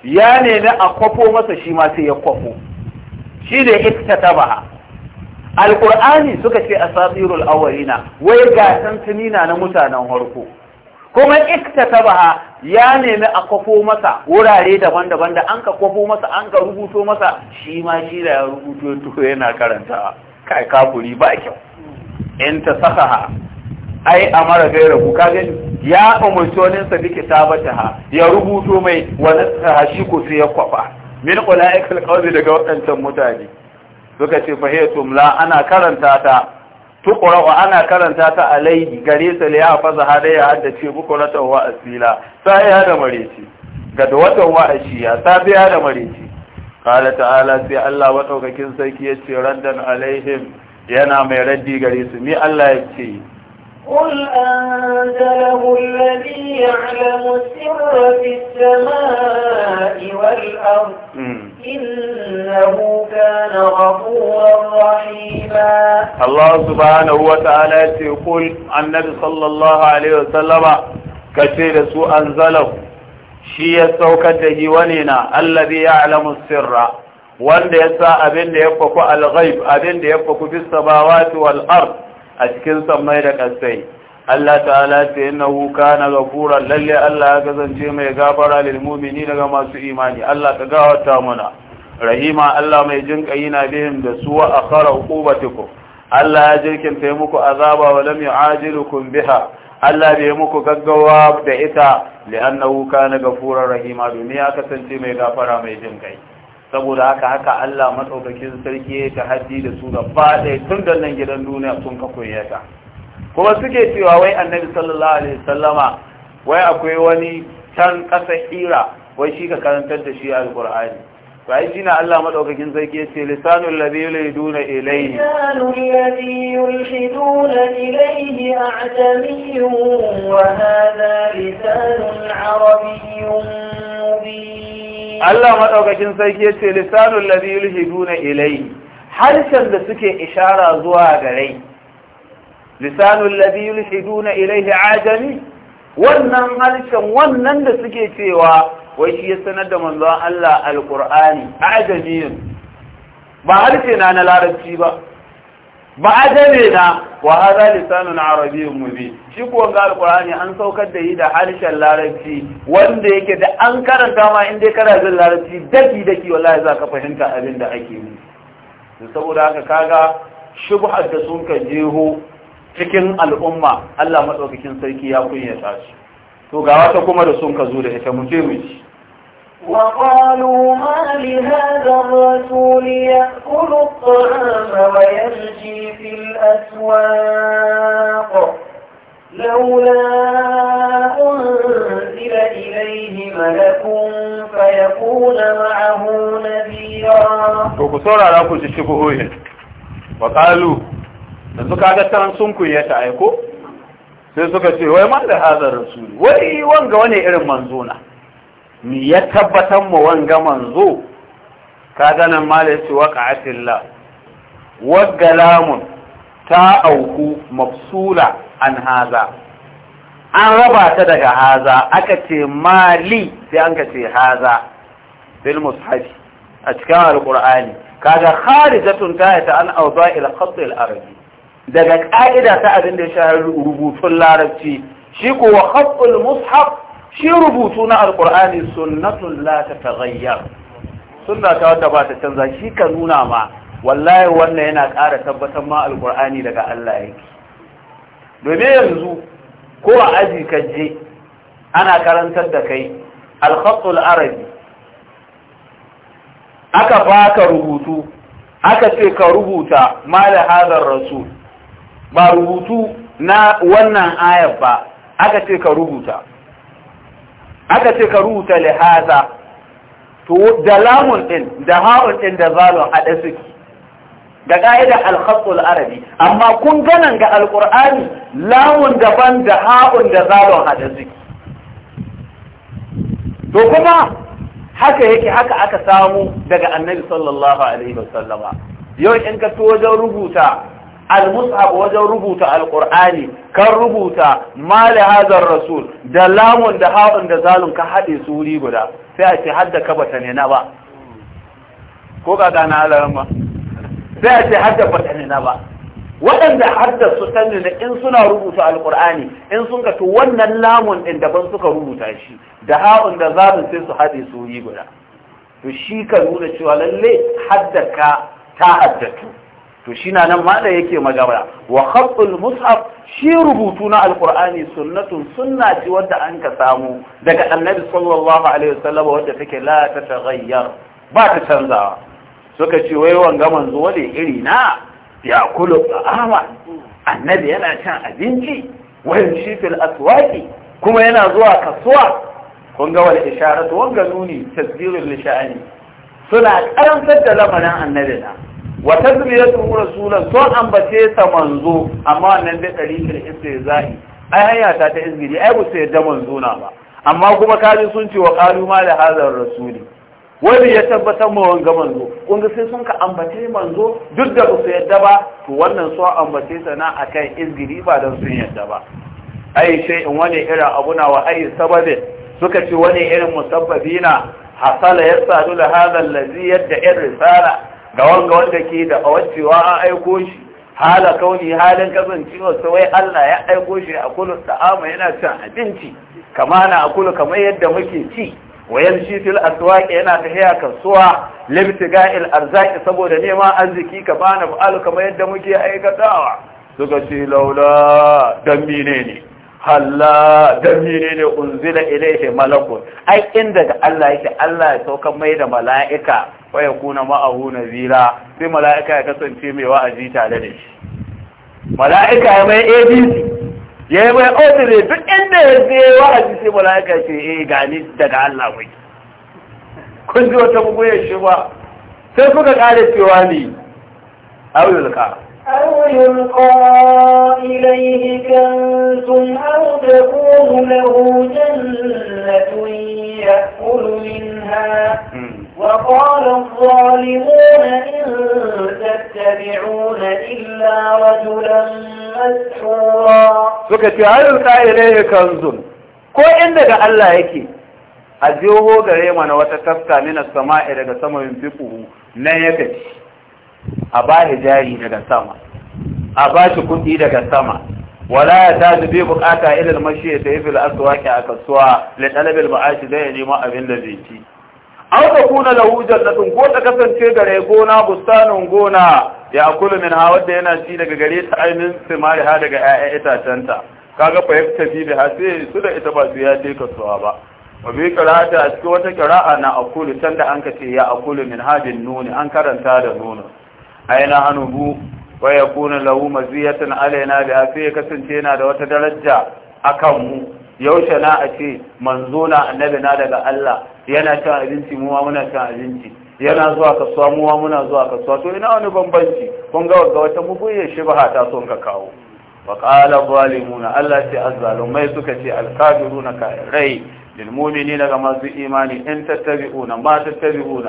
ya a kwafo masa shi ma sai ya kwafo shi ne iktatabaha alqur'ani suka ce asatirul awwalina wai gasan tunina na mutanen harko kuma iktatabaha ya nemi a kwafo masa wurare daban-daban da an ka kwafo masa an ka rubuto masa shi ma shi da ya rubuto to yana karanta kai kafuri ba kyau in ta sakaha ai amara gaira ka kaga ya umurtonin wani sa bi ha ya rubuto mai wani sahashi ko sai ya kwafa min qulaikal qawli daga wadancan mutane suka ce fahiyar tumla ana karanta ta tukura wa ana karanta ta alai gare su liya faza hada ya haddace bukuratan wa asila sai ya da mareci ga da watan wa ashiya sai ya da mareci qala ta'ala sai Allah wa ɗaukakin sarki ce randan alaihim yana mai raddi gare su ni Allah ce. قل أنزله الذي يعلم السر في السماء والأرض إنه كان غفورا رحيما الله سبحانه وتعالى يقول النبي صلى الله عليه وسلم كثير سوء أنزله شيء ya saukar da الذي يعلم na allazi ya'lamu sirra wanda ya sa abin da ya faku a cikin sammai da kasai Allah ta'ala ce innahu kana ghafura lalle Allah ya kasance mai gafara lil mu'mini daga masu imani Allah ka gawarta mana rahima Allah mai jin na bihim da su wa akhara uqubatikum Allah ya jirkinta muku azaba wa lam yu'ajilukum biha Allah bai muku gaggawa da ita li'annahu kana ghafura rahima duniya kasance mai gafara mai jin kai saboda haka haka Allah matsaukakin sarki ya ta haddi da su da faɗe tun da nan gidan duniya sun ka koya ta kuma suke cewa wai annabi sallallahu alaihi sallama wai akwai wani can ƙasa hira wai shi ka karantar da shi alqur'ani to ai shi na Allah madaukakin sarki ya ce lisanul ladhi yuliduna ilayhi lisanul ladhi yulhiduna ilayhi a'jamiyyun wa hadha lisanun arabiyyun mubin Allah maɗaukakin sarki ya ce lisanun ladhi yulhiduna ilayhi harshen da suke ishara zuwa gare lisanun ladhi yulhiduna ilayhi ajami wannan harshen wannan da suke cewa wai shi ya sanar da manzon Allah alqur'ani ajamiyin ba harshe na na larabci ba ba ajame na wa hadha lisanun arabiyyun mubi shi ko ga alqur'ani an saukar da yi da harshen larabci wanda yake da an karanta ma in dai kana jin larabci daki daki wallahi za ka fahimta abin da ake yi saboda haka kaga shubha da sun ka jeho cikin al'umma Allah madaukakin sarki ya kunyata shi to ga wata kuma da sun ka zo da ita mu je وقالوا ما لهذا الرسول يأكل الطعام ويمشي في الأسواق لولا أنزل إليه ملك فيكون معه نذيرا وكسور على كل شبهه وقالوا yanzu kaga taran sun kunyata aiko sai suka ce wai ma da hazar rasuli wai wanga wani irin manzona mi ya tabbatar mu wanga manzo ka ganin malaci waqa'atillah wagalamun ta auku mafsula an haza an raba ta daga haza aka ce mali sai an ka ce haza bil mushafi a cikin alqur'ani kaga kharijatun ta ta an awda'il khat al-arabi daga ka'ida ta abin da ya shahara rubutun larabci shi ko wa khatul mushaf shi rubutu na alkur'ani sunnatun la ta taghayyar sunna ta wata ba ta canza shi ka nuna ma wallahi wannan yana ƙara tabbatar ma alkur'ani daga Allah yake domin yanzu ko a aji ka je ana karantar da kai alkhatul arabi aka baka rubutu aka ce ka rubuta mala hadar rasul ba rubutu na wannan ayar ba aka ce ka rubuta aka ce ka rubuta lihaza to da lamun din da ha'un din da zalun haɗe suke da ƙa'idar alkhassul arabi amma kun ganan ga alƙur'ani lamun daban da ha'un da zalun haɗe suke to kuma haka yake haka aka samu daga annabi sallallahu alaihi wasallama yau in ka to wajen rubuta al-mus'ab wajen rubuta al-qur'ani kan rubuta mali hadar rasul da lamun da ha'un da zalun ka haɗe su guda sai a ce hadda ka bata ne na ba ko ka gana alaran ba sai a ce hadda bata ne na ba waɗanda hadda su sani ne in suna rubuta al-qur'ani in sun ka to wannan lamun ɗin daban suka rubuta shi da hawan da zalun sai su haɗe su guda to shi ka nuna cewa lalle hadda ka ta to shi na nan mada yake magana wa khatul mushaf shi rubutu na alkur'ani sunnatun sunna ce wadda an ka samu daga annabi sallallahu alaihi wasallam wadda take la ta taghayyar ba ta canzawa suka ce wai wanga manzo wale iri na ya kulu ahma annabi yana cin abinci wayan shi fil aswaqi kuma yana zuwa kasuwa kun ga wani isharatu wanga nuni tasdirul lishani suna karantar da lamarin annabi na wa tasbiyatu rasulan so ambace sa manzo amma nan da dariqil istizai ai hanya ta ta izgiri ai ba su yadda manzo na ba amma kuma kaji sun ce wa qalu ma da rasuli wani ya tabbatar ma wanga manzo kun ga sai sun ka ambace manzo duk da ba su yadda ba to wannan so ambace sa na akan ba dan sun yadda ba ai sai in wani irin abu na wa ai sababe suka ce wani irin musabbabina hasala yasadu la hadha allazi yadda irin risala ga wanka wanda ke da wacewa an aiko shi hala kauni halin kasancewa sai wai Allah ya aiko shi a kullu ta'ama yana cin abinci kama na akulu kamar yadda muke ci wa yamshi fil aswaqi yana tahiya kasuwa libtiga'il arzaki saboda neman arziki kama na fa'alu kamar yadda muke aikatawa suka ce laula dan menene ne halla dan ne unzila ilaihi malakun ai in daga Allah yake Allah ya sauka mai da mala'ika wa ya yakuna ma'ahu nazira sai mala'ika ya kasance mai wa'azi tare da shi mala'ika ya mai abc ya yi mai odire duk inda ya je wa'azi sai mala'ika ce yi. Eh, gani daga Allah mai kun ji wata ya shi ba sai kuka kare cewa ne auyulka أو يلقى إليه كنز أو تكون له جنة يأكل منها وقال الظالمون إن تتبعون إلا رجلا مسحورا فكتي هل يلقى إليه كنز ko inda ga Allah yake a jiho gare mana wata tafka mina sama'i daga sama yin fiƙuhu nan yake a ba ni jari daga sama a ba shi kuɗi daga sama wala ya ta bi bukata ilil mashi ya tafi ke a kasuwa da ɗalibin ma'ashi zai ya nemo abin da zai ci an ka kuna da hujjar da ko ta kasance gare gona bustanin gona ya kula min ha wadda yana ci daga gare ta ainihin simari ha daga 'ya'yan itacenta kaga fa yafi tafi da hasi su da ita ba su ya je kasuwa ba wa bi qira'ata a cikin wata kira'a na akulu da an ka ce ya akulu min hadin nuni an karanta da nuni aina hanuhu wa yakuna lahu maziyatan alaina da afi ya kasance yana da wata daraja akan mu yaushe na a ce manzo na annabi na daga Allah yana cin abinci mu ma muna cin abinci yana zuwa kasuwa mu ma muna zuwa kasuwa to ina wani bambanci kun ga wata mugunyar shibha ta son ka kawo وقال الظالمون الله تي الظالمي سكتي الكافرون rai للمؤمنين na. في إيماني إن تتبعون ما تتبعون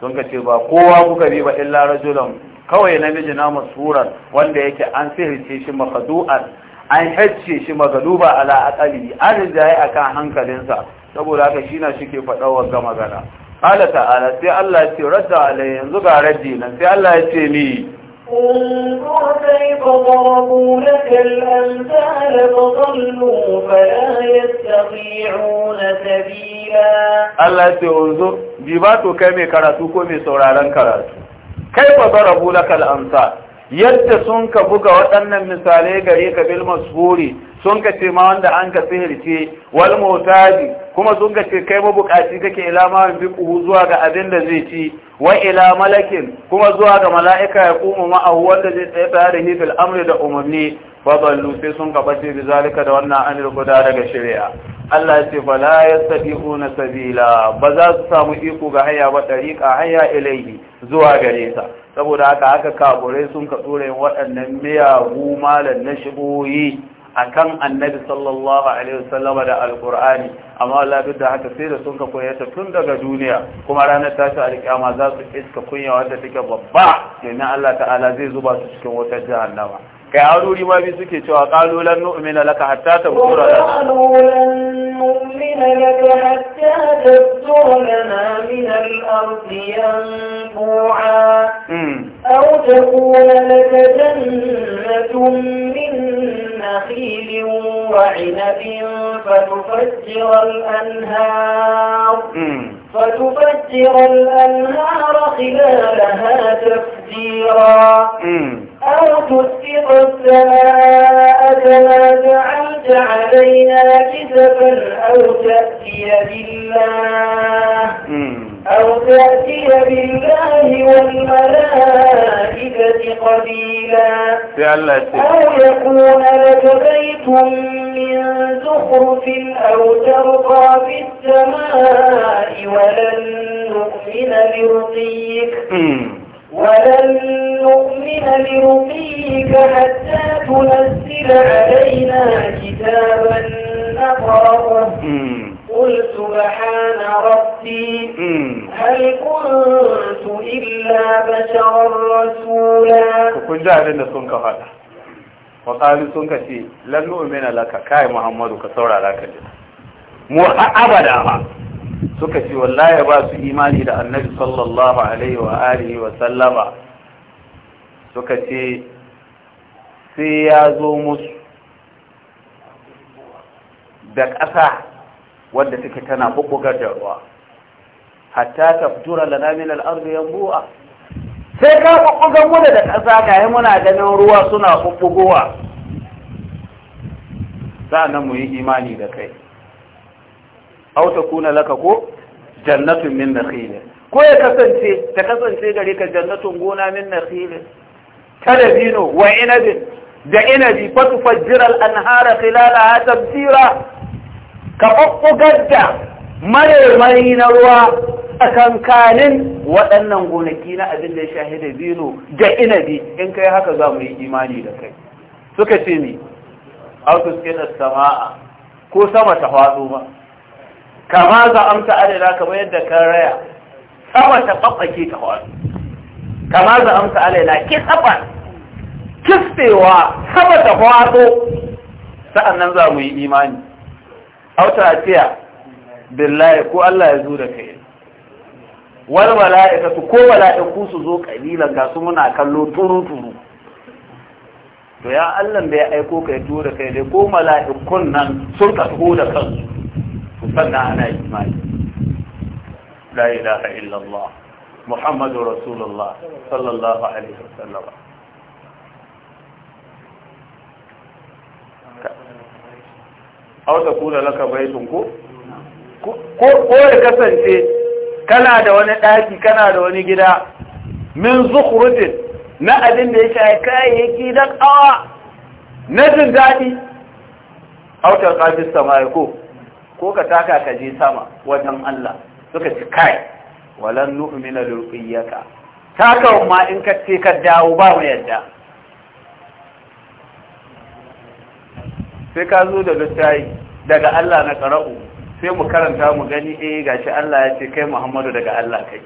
سنكتي با قوة كبيبة إلا رجلا kawai namiji na masurar wanda yake an sihirce shi makadu'ar an hacce shi magaluba ala aqali an rinjaye akan hankalinsa saboda haka shi na shike faɗawar ga magana qala ta'ala sai Allah ya ce radda alai yanzu ga raddi nan sai Allah ya ce ni انظر كيف ضربوا لك الأمثال فضلوا فلا يستطيعون سبيلا الله يقول انظر جيباتو karatu كراتو كمي سوراران كراتو kai ba zarabu lakal amsal yadda sun ka buga waɗannan misalai gari ka bil masburi sun ka ce ma wanda an ka sihirce wal motaji kuma sun ka ce kai mabukaci kake ila ma bi zuwa ga abin da zai ci wa ila malakin kuma zuwa ga mala'ika ya kuma ma ahu wanda zai tsaye tare da hifil amri da umarni fa ballu sai sun ka bace bi zalika da wannan anil guda daga shari'a Allah ya ce fala na sabila ba za su samu iko ga haya ba tariqa haya ilaihi zuwa gare sa saboda haka haka kabure sun ka tsore waɗannan miyagu malan na shigoyi akan annabi sallallahu alaihi wasallam da alqur'ani amma Allah duk da haka sai da sun ka koyata tun daga duniya kuma ranar tashi alƙiyama za su iska kunya wanda take babba domin Allah ta'ala zai zuba su cikin wata jahannama kai haruri ma bi suke cewa qalu lan nu'mina laka hatta tabtura lana qalu lan nu'mina laka hatta tabtura lana min al-ardi yanfu'a aw takuna laka jannatun min nakhilin wa 'inabin fatufajjira al-anhar فتفجر الأنهار خلالها تفجيرا أو تسقط السماء كما جعلت علينا كسفا أو تأتي بالله أو تأتي بالله والملائكة قبيلا أو يكون لك بيت من زخرف أو ترقى في السماء ولن نؤمن لرقيك ولن نؤمن لرقيك حتى تنزل علينا كتابا نقرأه قل سبحان ربي هل كنت إلا بشرا رسولا كن جاهل لسنك هذا وقال سنك شيء لن نؤمن لك كاي محمد كثورة لك مو أبدا suka ce wallahi ba su imani da annabi sallallahu alaihi wa alihi wa sallama suka ce sai ya zo musu da ƙasa wadda take tana bubugar da ruwa hatta fitura lana min al-ardi yanbu'a sai ka bubugar mu da ƙasa ga yi muna ganin ruwa suna bubugowa nan mu yi imani da kai auta kuna laka ko jannatun min nakhil ko ya kasance ta kasance gare ka jannatun gona min nakhil dino wa inabin da inabi tufajjira al-anhara khilalaha tabsira ka kokkogar da mai na ruwa tsakankanin waɗannan gonaki na abin da ya shahida dino da inabi in kai haka za mu yi imani da kai suka ce ni autos sama'a ko sama ta faɗo ba kama za amsa na kamar yadda ka raya sama ta ke ta hawa kama za amsa alaina ki tsaba kistewa sama ta hawa sa'annan za mu yi imani auta tiya billahi ko Allah ya zo da kai wal su ko mala'iku su zo kalilan ga su muna kallo turu turu to ya Allah bai aiko kai da kai dai ko mala'ikun nan sun ka taho da kansu sannan ana imani la ilaha illallah muhammadu rasulullah sallallahu alaihi wasallam aw ta kula laka baitun ko ko ya kasance kana da wani daki kana da wani gida min zukhrujin na abin da ya yake kayayyaki da kawa na jin daɗi autar ƙafis samari ko ko ka taka ka je sama wajen Allah suka ci kai walan nu'mina lirqiyaka taka ma in ka ce ka dawo ba mu yadda sai ka zo da littafi daga Allah na qara'u sai mu karanta mu gani eh gashi Allah ya ce kai Muhammadu daga Allah kai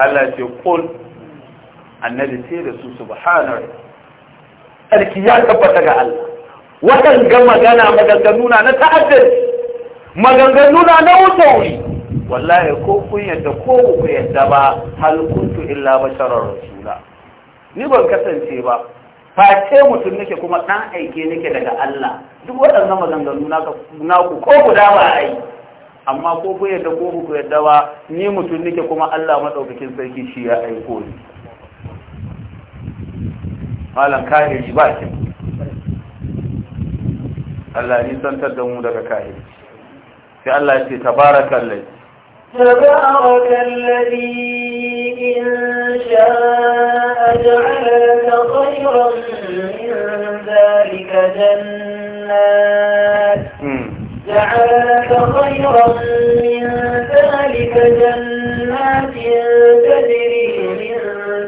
Allah ce qul annabi sai da su subhanar alki ya tabbata ga Allah waɗanga magana maganganu na ta'addar maganganu na na wutauri wallahi ko kun yadda ko ku yadda ba hal kuntu illa basharar rasula ni ban kasance ba face mutum nake kuma ɗan aike nake daga Allah duk waɗannan maganganu na ku ko da ba ai amma ko ku yadda ko ku yadda ba ni mutum nake kuma Allah madaukakin sarki shi ya aiko ni malam kare shi ba shi. Allah ya nisantar da mu daga kahiri sai Allah ya ce tabarakallahi تبارك الذي إن شاء جعل لك خيرا من ذلك جنات جعل لك خيرا من ذلك جنات تجري من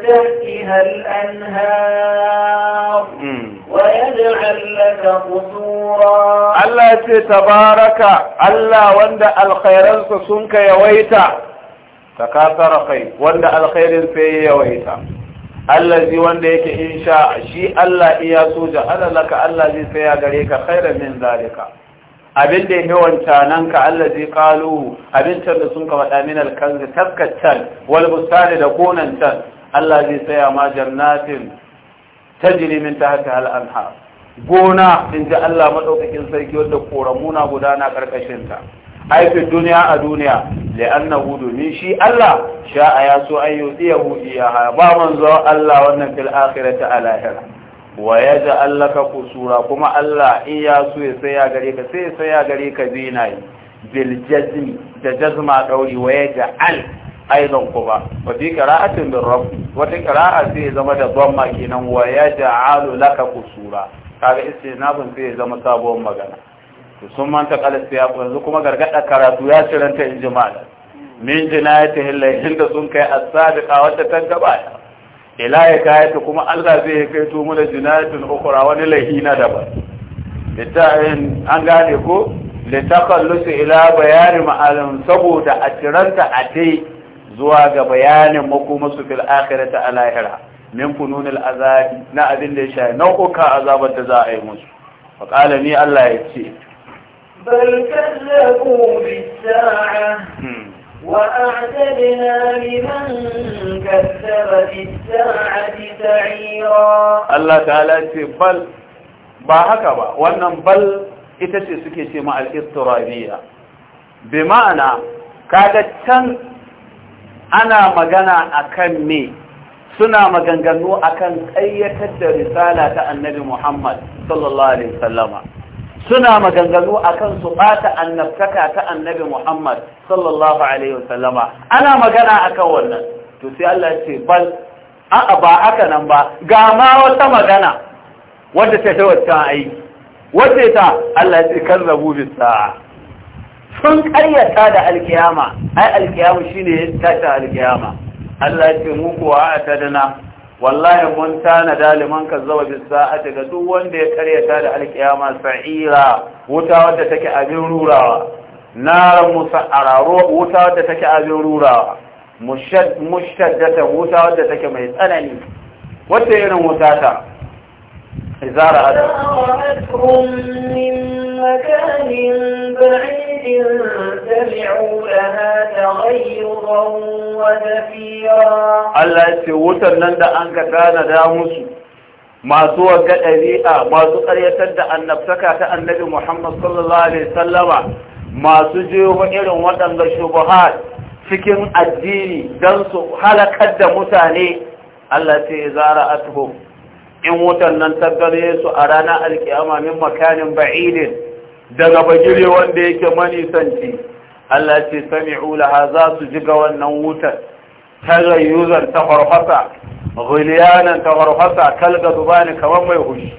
تحتها الأنهار Allah ya ce tabaraka Allah wanda alkhairansa sun ka yawaita ta kasara kai wanda alkhairin sai ya yawaita allazi wanda yake insha shi Allah iya soja ala laka Allah zai saya gare ka khairan min zalika abin da yake wanta nan ka allazi qalu abin da sun ka wada min alkanz taskatan wal bustani da gonan can Allah zai saya ma jannatin tajri min tahtiha al-anhar gona in ji Allah maɗaukakin sarki wadda ƙoramu na gudana ƙarƙashinta aifin duniya a duniya la'anna hudu ni shi Allah Sha ya so an yi tsiya hudu ya ba zo Allah wannan fil akhirati a lahira wa ya ji Allah ka kusura kuma Allah in ya so ya ya gare ka sai ya ya gare ka zinayi bil jazmi da jazma ɗauri wa ya ji al aidan kuma wa fi qira'atin bil rabb wata qira'a sai zama da dhamma kenan wa ya ja'alu laka kusura kaga istinabun sai ya zama sabuwar magana to sun manta kalas ya yanzu kuma gargada karatu ya ciranta in jima'a min jinayati hillahin da sun kai as-sadiqa wata ta gabata ila ya kai ta kuma Allah zai kai to mu da jinayatin ukhra wani lahina daban littafin an gane ko taqallusu ila bayani ma'alim saboda a ciranta a dai zuwa ga bayanin makomasu fil akhirati ta lahira min fununil azabi na abin da ya sha nau'uka azabar da za a yi musu fa qala ni Allah ya ce bal kallabu bis-sa'a وأعتدنا لمن كذب بالساعة سعيرا الله ce bal, ba haka ba wannan bal ita ce suke ce ma al-istirabiya bi ma'ana kaga can ana magana akan me suna maganganu akan ƙayyatar da risala ta annabi Muhammad sallallahu alaihi wasallama suna maganganu akan su bata annabtaka ta annabi Muhammad sallallahu alaihi wasallama ana magana akan wannan to sai Allah ce bal a'a ba haka nan ba ga ma wata magana wadda ta tawata aiki wace ta Allah ya ce kan rabu bisa sun karyata da alkiyama ai alkiyama shine tashi alkiyama Allah ce mu kuwa a tadana wallahi mun tana daliman ka zawa bis sa'ati ga duk wanda ya karyata da alkiyama sa'ira wuta wadda take abin rurawa naran musa'ara wuta wadda take abin rurawa mushaddata wuta wadda take mai tsanani wata irin wuta ta izara hada مكان بعيد سمعوا لها تغيرا وزفيرا الله يسوتر نند أنك كان داموس masu wagga ɗari'a masu ƙaryatar da annabtaka ta annabi Muhammad sallallahu Alaihi sallama masu jeho irin waɗanda shubuhat cikin addini don su halakar da mutane Allah ce ya zara atuhum in wutan nan ta gare su a ranar alkiyama min makanin ba'idin daga bagire wanda yake manisanci Allah ce sami'u laha za su ji ga wannan wutar tagayyuzan ta farfasa ghuliyanan ta farfasa kalga zubani kamar mai hushi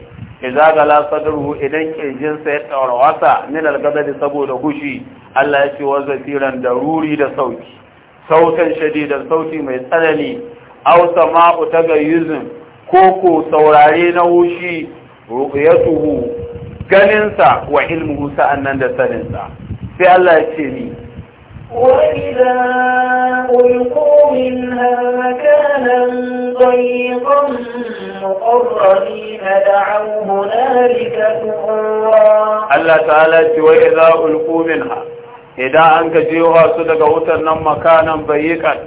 idza gala sadruhu idan kirjin sa ya tawarwasa min algadadi saboda hushi Allah ya ce wa zafiran daruri da sauti sautan shadidan sauti mai tsanani aw sama'u tagayyuzin koko saurare na hushi ruqyatuhu ganinsa wa ilmuhu sa'annan da saninsa sai Allah ya ce ni Allah ta'ala ce wa idza ulqu ha, idan an gaje jewa su daga wutar nan makanan bayyikan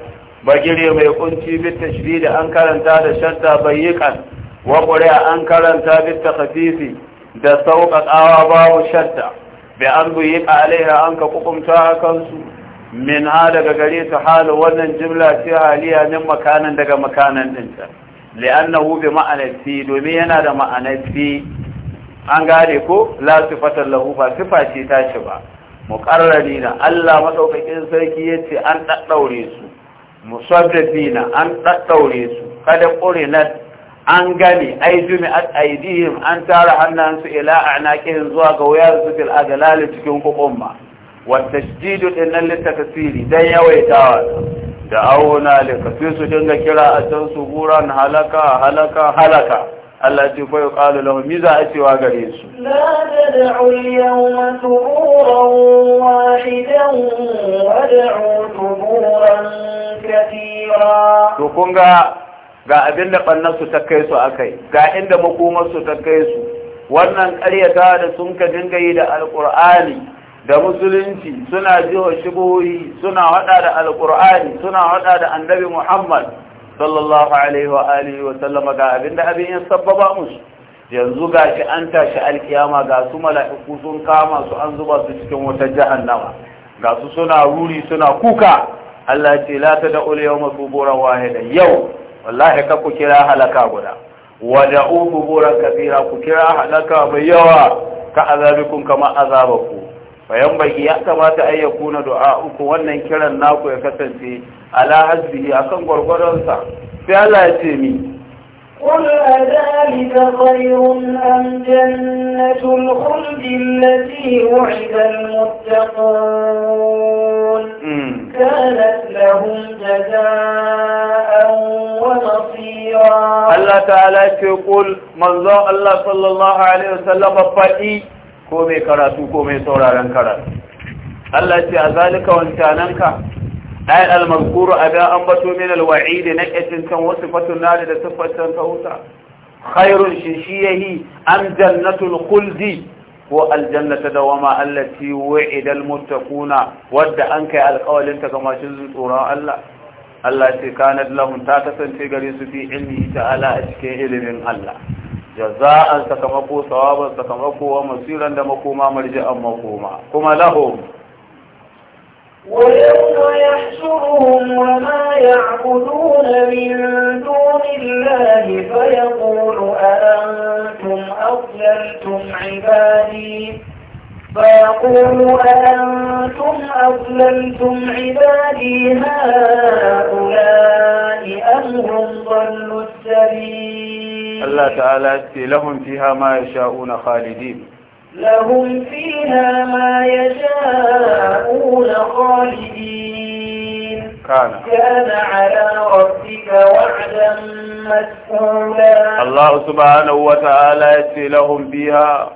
bagire mai kunci bit tashbih an karanta da shadda bayyikan wa qari'a an karanta bit takhfifi da sauƙaƙawa babu shadda bi an buyi alaiha an ka a kansu min ha daga gare su halu wannan jimla ce haliya min makanan daga makanan ɗinta li'annahu bi ma'anar domin yana da ma'anar an gane ko la sifatan lahu ba sifa ce ta shi ba muƙarrari na Allah madaukakin sarki yace ce an ɗaɗɗaure su musaddafina an ɗaɗɗaure su kada ƙurinar an gane ai jumi'at aidihim an tara hannansu ila anaqihim zuwa ga wayar su fil adlal cikin Wata wa tasjid din nan don dan yawaitawa da auna le kafi su dinga kira a can su guran halaka halaka halaka Allah ce fa yuqalu lahum mi za a cewa gare su la tad'u al-yawma thuburan wahidan wad'u thuburan katira to kun ga ga abin da ta kai su kai, ga inda makomarsu ta kai su wannan ƙaryata da sun ka dinga yi da alƙur'ani da musulunci suna jiwa shigohi suna haɗa da alƙur'ani suna haɗa da annabi muhammad sallallahu alaihi wa alihi wa sallama ga abin da abin ya sabbaba musu yanzu ga shi an tashi alkiyama ga su mala'iku sun kama su an zuba su cikin wata jahannama ga su suna ruri suna kuka Allah ce la ta da ul yawma suburan wahida yau wallahi ka ku kira halaka guda wa da'u quburan kabira ku kira halaka mai yawa ka azabikum kama azabaku fa baki ya kamata ai yakuna du'a uku wannan kiran naku ya kasance ala hasbihi akan gurgurarsa sai Allah ya ce mi قل أذلك خير أم جنة الخلد التي وعد المتقون كانت لهم جزاء الله تعالى يقول منظر الله صلى الله عليه وسلم فأي ko mai karatu ko mai sauraron karatu Allah ce a wancananka ay al-mazkuru abin ambato min al-wa'id na katin kan wasu fatuna da siffatan ta huta khairun shi yahi am khuldi ko aljannata da dawama allati wa'ida al-muttaquna wadda an kai alƙawalin ta ga masu tsoron Allah Allah ce kanat lahum ta kasance gare su fi ilmi ta'ala a cikin ilimin Allah jaza'an sakamako sawaban sakamako wa masiran da makoma marji'an makoma kuma lahum ويوم يحشرهم وما يعبدون من دون الله فيقول أأنتم أضللتم عبادي فيقول أأنتم أضللتم عبادي هؤلاء أم هم ضلوا السبيل الله تعالى لهم فيها ما يشاءون خالدين لهم فيها ما يشاءون خالدين كان كان على ربك وعدا مسؤولا الله سبحانه وتعالى يتي لهم بها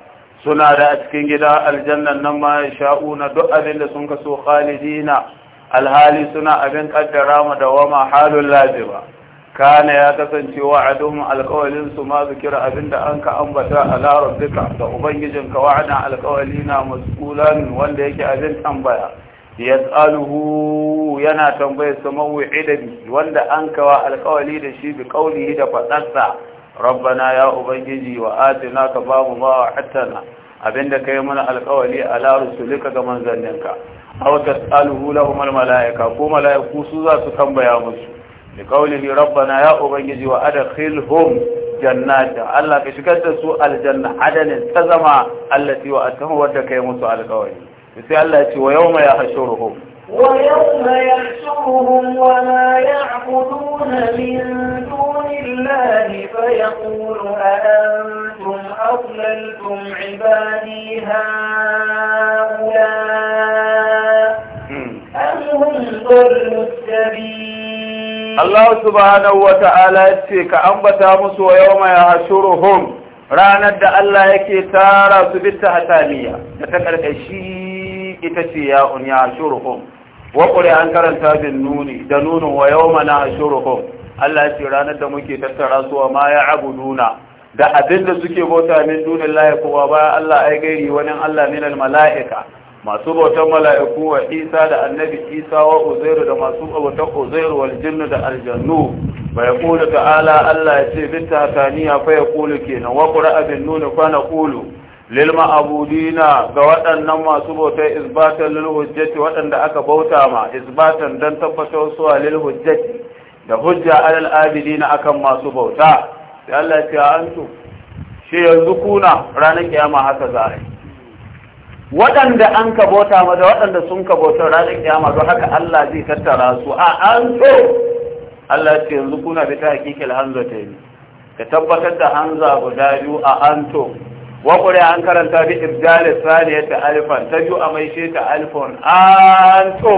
suna da a cikin gida aljannan nan ma ya sha'una duk abin da sun kaso khalidina alhali suna abin kaddara ma dawama halul kana ya kasance wa'aduhum alqawlin su ma zikira abinda an ka ambata ala rabbika da ubangijin ka wa'ada alqawlina mas'ulan wanda yake abin tambaya yas'aluhu yana tambayar sa maw'ida wanda an kawa alqawli da shi bi qawlihi da fadarsa rabbana ya ubangiji wa atina ka bamu ma hattana abinda kai mana alqawli ala rusulika ga manzanninka aw tas'aluhu lahum malayaka ko malayaku su za su tambaya musu لقوله ربنا يا أبنجي وأدخلهم جنات الله كشكت سوء الجنة عدن التزمة التي وأتهم ودك يموت على قوله يسي الله ويوم يحشرهم ويوم يحشرهم وما يعبدون من دون الله فيقول أأنتم أضللتم عبادي هؤلاء أم هم ضلوا السبيل Allah subhanahu wa ta'ala ce ka ambata musu wa yau mai hashuruhum ranar da Allah yake tara su bita hataniya da ta karkashi ita ce ya unya hashuruhum wa an karanta bin nuni da nunin wa yau mana hashuruhum Allah ce ranar da muke tattara su wa ma ya abu nuna da abinda suke bauta min dunin laye kowa bayan Allah ai gairi wani Allah minal mala'ika masu bautan mala'iku wa isa da annabi isa wa uzairu da masu bautan uzairu wal jinnu da aljannu fa ta ta'ala Allah ya ce bitta taniya fa ya yaqulu kenan wa qura bin nun fa kulu lil ma'budina ga waɗannan masu bautan isbatan lil hujjati waɗanda aka bauta ma isbatan dan tabbatar su lil hujjati da hujja alal abidina akan masu bauta sai Allah ya ce an su shi yanzu kuna ranar kiyama haka za yi waɗanda an kabota bauta waɗanda sun ka bauta ranar kiyama don haka Allah zai tattara su a an so Allah ce yanzu kuna da ta hakikil hanza ta yi ka tabbatar da hanza guda biyu a an to waƙure an karanta bi ibdal saniya ta alifan ta biyu a mai ta alifan an to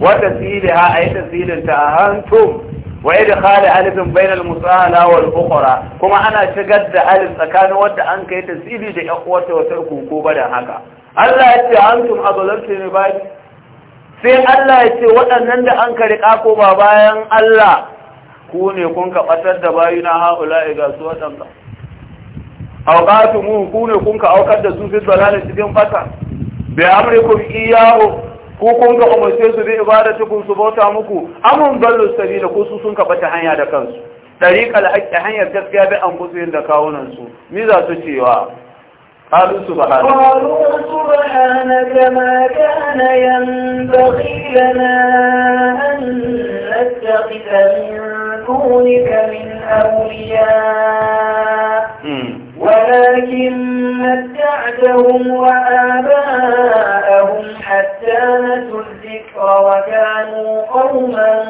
wata sili ha a yi tasilin ta an to wa yi da khali alifin bainal musahala wal ukura? kuma ana shigar da alif tsakanin wadda an kai tasiri da ƴan uwarta wata kuku ba da haka Allah ya ce antum abalartu ne ba sai Allah ya ce waɗannan da an kari ko ba bayan Allah ku ne kun ka batar da bayuna haula'i ga su waɗanda mu ku ne kun ka’aukar aukar da su fi dalalin cikin fata bi amrikum iyaho. ku kun ga umarce su bi ibadatukum su bauta muku amun ballu da ku su sun ka hanya da kansu Ɗariƙar haqqi hanyar gaskiya bai an kusa yin da kawunan su Ni za su cewa قالوا سبحانك قالوا سبحانك ما كان ينبغي لنا أن نتخذ من دونك من أولياء ولكن متعتهم وآباءهم حتى نسوا الذكر وكانوا قوما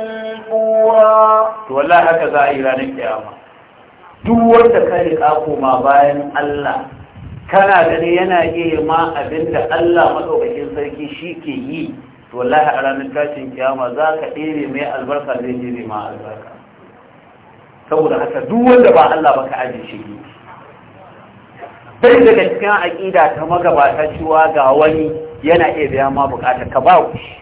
بورا ولا هكذا إيرانك يا أمر دور wanda ka ما koma الله kana gani yana iya ma abin da Allah maɗaukakin sarki shi ke yi to wallahi a ranar tashin kiyama za ka ɗebe mai albarka zai ɗebe ma albarka saboda haka duk wanda ba Allah ba ka aji shi bai daga cikin aƙida ta magabata cewa ga wani yana iya biya ma bukata ka ba shi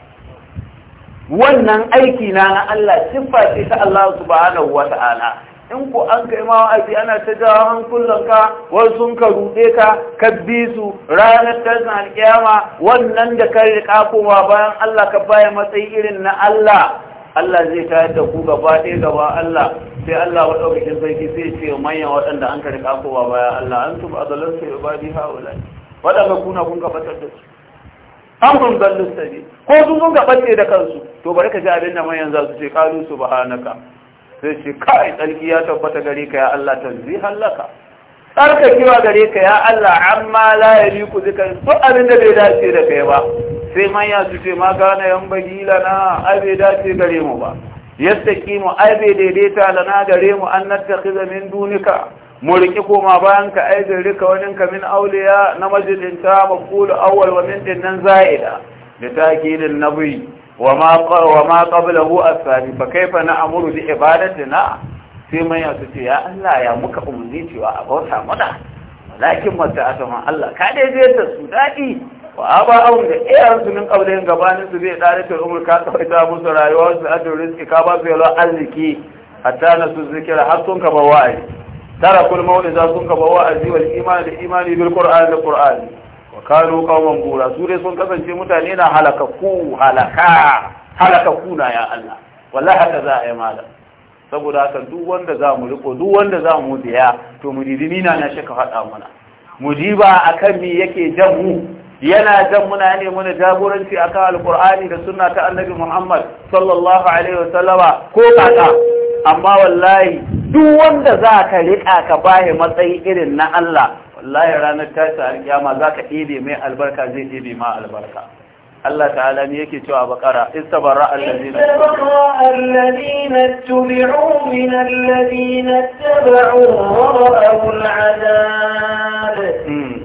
wannan aiki na na Allah siffa ce ta Allah subhanahu ta'ala. in ku an kai ma wa'azi ana ta jawo hankulanka wasu ka ruɗe ka ka bi su ranar zan alƙiyama wannan da ka riƙa koma bayan Allah ka baya matsayi irin na Allah Allah zai tayar da ku gaba ɗaya gaba Allah sai Allah wa maɗaukakin sarki sai ce manyan waɗanda an ka riƙa koma bayan Allah an tuba azalar su ibadi haula waɗanda kuna kun ka fatar da su an kun zallin sabi ko sun kun ka ɓace da kansu to bari ka ji abin da manyan za su ce kalu subhanaka sai ce kai tsarki ya tabbata gare ka ya Allah tanzihan laka tsarkakewa gare ka ya Allah amma la ku zika to abin da bai dace da kai ba sai manya su ce ma gane yan bagila na ai bai dace gare mu ba ki mu ai bai daidaita lana gare mu an kiza min dunika mu riki koma bayan ka ai gari wani kamin min auliya na majalin ta maqulu awwal wa min dinnan za'ida da takilin nabi وما قبله الثاني فكيف نأمر لعبادتنا فيما يسوتي يا الله يا مك أمنيتي وأبوتا مدى لكن ما تأتما الله كان يزيد السودائي وأبا أمر إيه أنت من قبلهم قبان سبيع دارة الأمر كانت وإتا أمر رأيوه سأت الرزق كابا في الله أزكي حتى نسو الذكر حتى كبواعي ترى كل مولد ذا كبواعي والإيمان الإيمان بالقرآن القرآن wa kanu qauman bura su dai sun kasance mutane na halakaku halaka halakaku na ya Allah wallahi haka za a yi malam saboda haka duk wanda za mu riko duk wanda za mu biya to mujibini na na shi ka faɗa mana mujiba akan me yake jan mu yana jan muna ne muna jagoranci akan alqur'ani da sunna ta annabi Muhammad sallallahu alaihi wasallama ko kaka amma wallahi duk wanda za ka riƙa ka bahi matsayi irin na Allah wallahi ranar tashi alkiyama za ka ɗebe mai albarka zai ɗebe ma albarka الله تعالى يكي توا بقرة استبراء الذين استبراء الذين اتبعوا من الذين اتبعوا ورأوا العذاب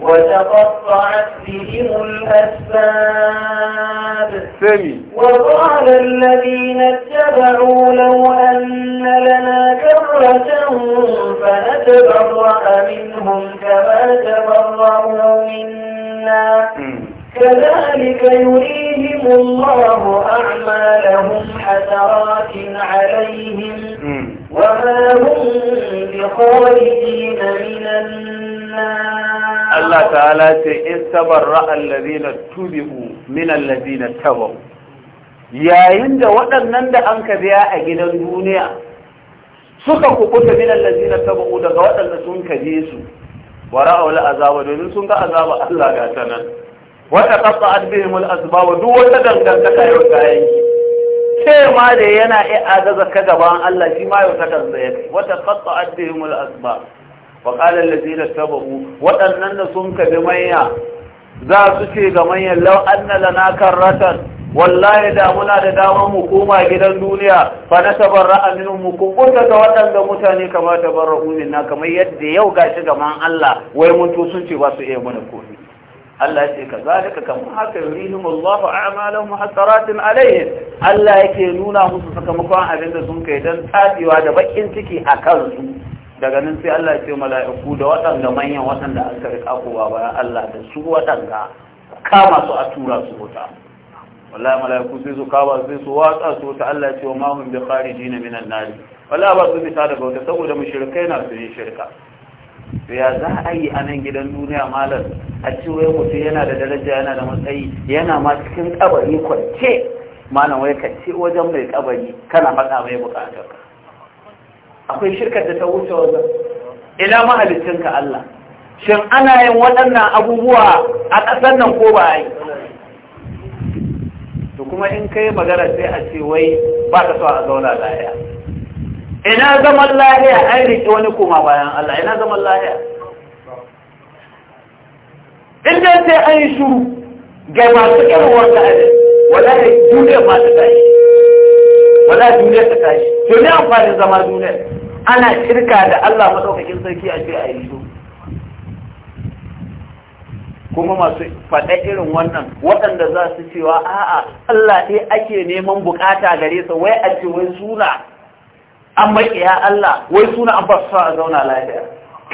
وتقطعت بهم الأسباب سمي وقال الذين اتبعوا لو أن لنا كرة فنتبرأ منهم كما تبرأوا منا كذلك يريهم الله أعمالهم حسرات عليهم وما هم بخارجين من النار الله تعالى استبرأ الذين اتبعوا من الذين اتبعوا yayin da waɗannan da an ka biya a gidan duniya suka kukuta min allazina tabu daga waɗanda sun kaje su wara'u al azaba domin sun ga azaba Allah ga ta nan wata kafa albihimul asbabu duk wata dangantaka yau ta yanki ce ma da yana agaza ka gaban Allah shi ma yau ta kan tsaye wata kafa albihimul asbabu wa qala allazina tabu waɗannan da sun kabi manya za su ce ga manyan lau anna lana karratan wallahi da muna da damar mu koma gidan duniya fa na tabarra minhum mu kunta ga waɗanda mutane kamar tabarra minna kamar yadda yau gashi gaban Allah wai mun to sun ce ba su iya mana komai Allah ce ka zalika kama haka yurihim Allahu a'malahum hasaratin alaihim Allah yake nuna musu sakamakon abin da sun kai dan tsadewa da bakin ciki a kansu daga nan sai Allah ce mala'iku da waɗanda manyan waɗanda aka rika kowa bayan Allah da su waɗanda kama su a tura su wuta wallahi mala'iku sai su kama sai su watsa su wuta Allah ce wa mahum bi kharijina minan nar wallahi ba su bisa daga wuta saboda mushrikai na su yin shirka to ya za a yi a nan gidan duniya malam a ce mutum yana da daraja yana da matsayi yana ma cikin kabari kwance malam wai ka ce wajen mai kabari kana faɗa mai bukatar akwai shirkar da ta wuce wajen mahalicin ka Allah shin ana yin waɗannan abubuwa a ƙasar nan ko ba yi to kuma in kai magana sai a ce wai ba ka so a zauna lafiya ina zaman lahiya an riƙe wani koma bayan Allah ina zaman lahiya inda sai an yi shuru ga masu irin wanda abin wala ne duniya ba ta tashi wala duniya ta tashi to ne amfanin zama duniya ana shirka da Allah maɗaukakin sarki a ce a yi shuru kuma masu faɗa irin wannan waɗanda za su cewa a'a Allah ɗaya ake neman bukata gare sa wai a ce wai suna an ƙiya Allah wai suna an ba su a zauna lafiya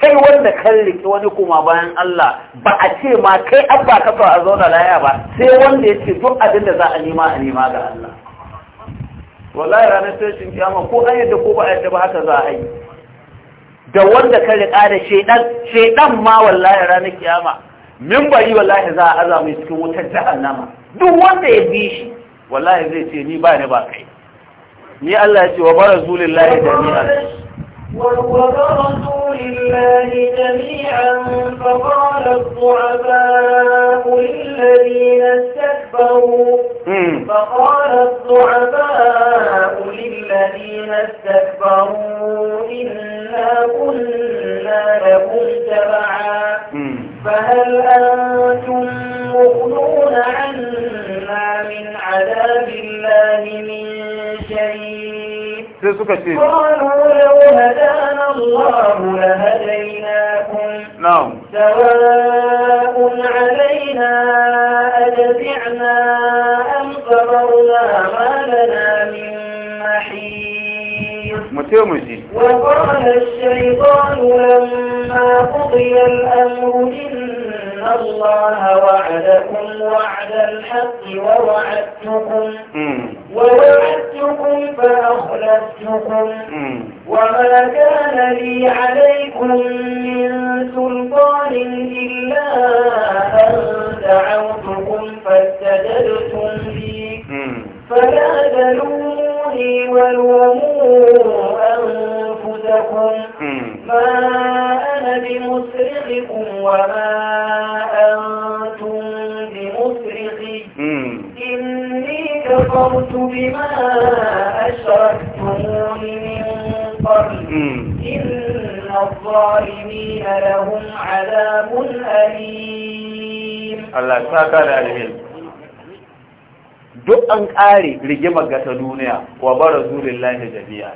kai wanda kan riƙe wani kuma bayan Allah ba a ce ma kai an ba ka a zauna lafiya ba sai wanda ya ce duk abin da za a nema a nema ga Allah wallahi ranar tashin kiyama ko an yadda ko ba a yadda ba haka za a yi da wanda ka riƙa da shaidan shaidan ma wallahi ranar kiyama bari wallahi za a aza mai cikin wutar jahannama duk wanda ya bi shi wallahi zai ce ni ba ni ba kai ni Allah ya ce wa barazu lillahi jami'an جميعا فقال الضعفاء للذين استكبروا فقال الضعفاء للذين استكبروا إنا كنا لكم تبعا فهل أنتم مغنون عنا من عذاب الله من شيء قالوا لو هدانا الله لهديناكم نعم سواء علينا أجزعنا أم صبرنا ما لنا من محيط وقال الشيطان لما قضي الأمر إن الله وعدكم وعد الحق ووعدتكم ووعدتكم فأخلفتكم وما كان لي عليكم من سلطان إلا أن دعوتكم فاستجبتم لي فلا تلوموني ولوموا أنفسكم ما أنا بمسرقكم وما أنتم بمسرقي إني كفرت بما أشركتمون من قبل إن الظالمين لهم عذاب أليم الله ساكر عليهم duk an ƙare rigimar ga ta duniya wa bara zurin lahi jami'a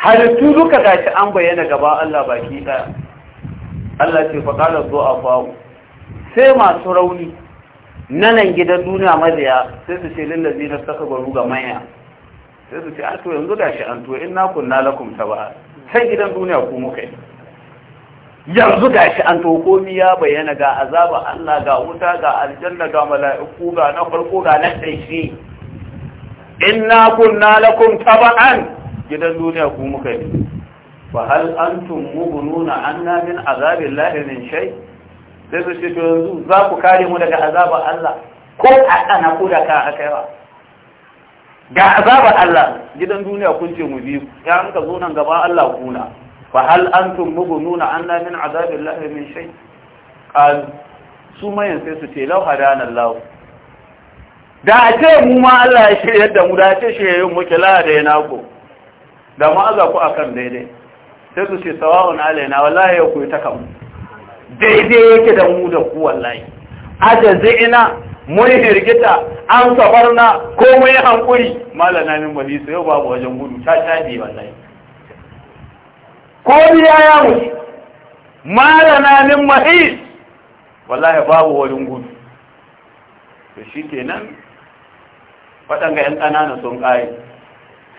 halittu duka gashi an bayyana gaba Allah baki ɗaya Allah ce faƙalar zo a fawo sai masu rauni na nan gidan duniya maziya sai su ce lilla zina saka gwaru ga manya sai su ce a to yanzu gashi an to in na kunna lakum ta ba sai gidan duniya ku muka yi yanzu ga shi an to komi ya bayyana ga azaba Allah ga wuta ga aljanna ga mala'iku ga na farko ga na ɗaifi inna kunna lakum taban gidan duniya ku muka yi fa hal antum mughnuna anna min azabi llahi min shay sai su ce to yanzu za ku kare mu daga azaba Allah ko a tsana ku da ka aka yawa ga azaba Allah gidan duniya kun ce mu bi ya muka zo nan gaba Allah kuna fa hal antum mughnuna anna min azabillahi min shay qalu su mayan sai su ce law hadana Allah da a ce mu ma Allah ya shirya da mu da a ce shiryayyun muke la da yana ku da mu aza ku akan daidai sai su ce sawa'un alaina wallahi ya kuyi ta kamu daidai yake da mu da ku wallahi zina mun hirgita an sabarna ko mun yi hankuri malana min balisa yau babu wajen gudu ta tadi wallahi wani ya mutu malana min mahi wallahi babu wurin gudu Da shi nan waɗanga 'yan ƙanana sun ƙayi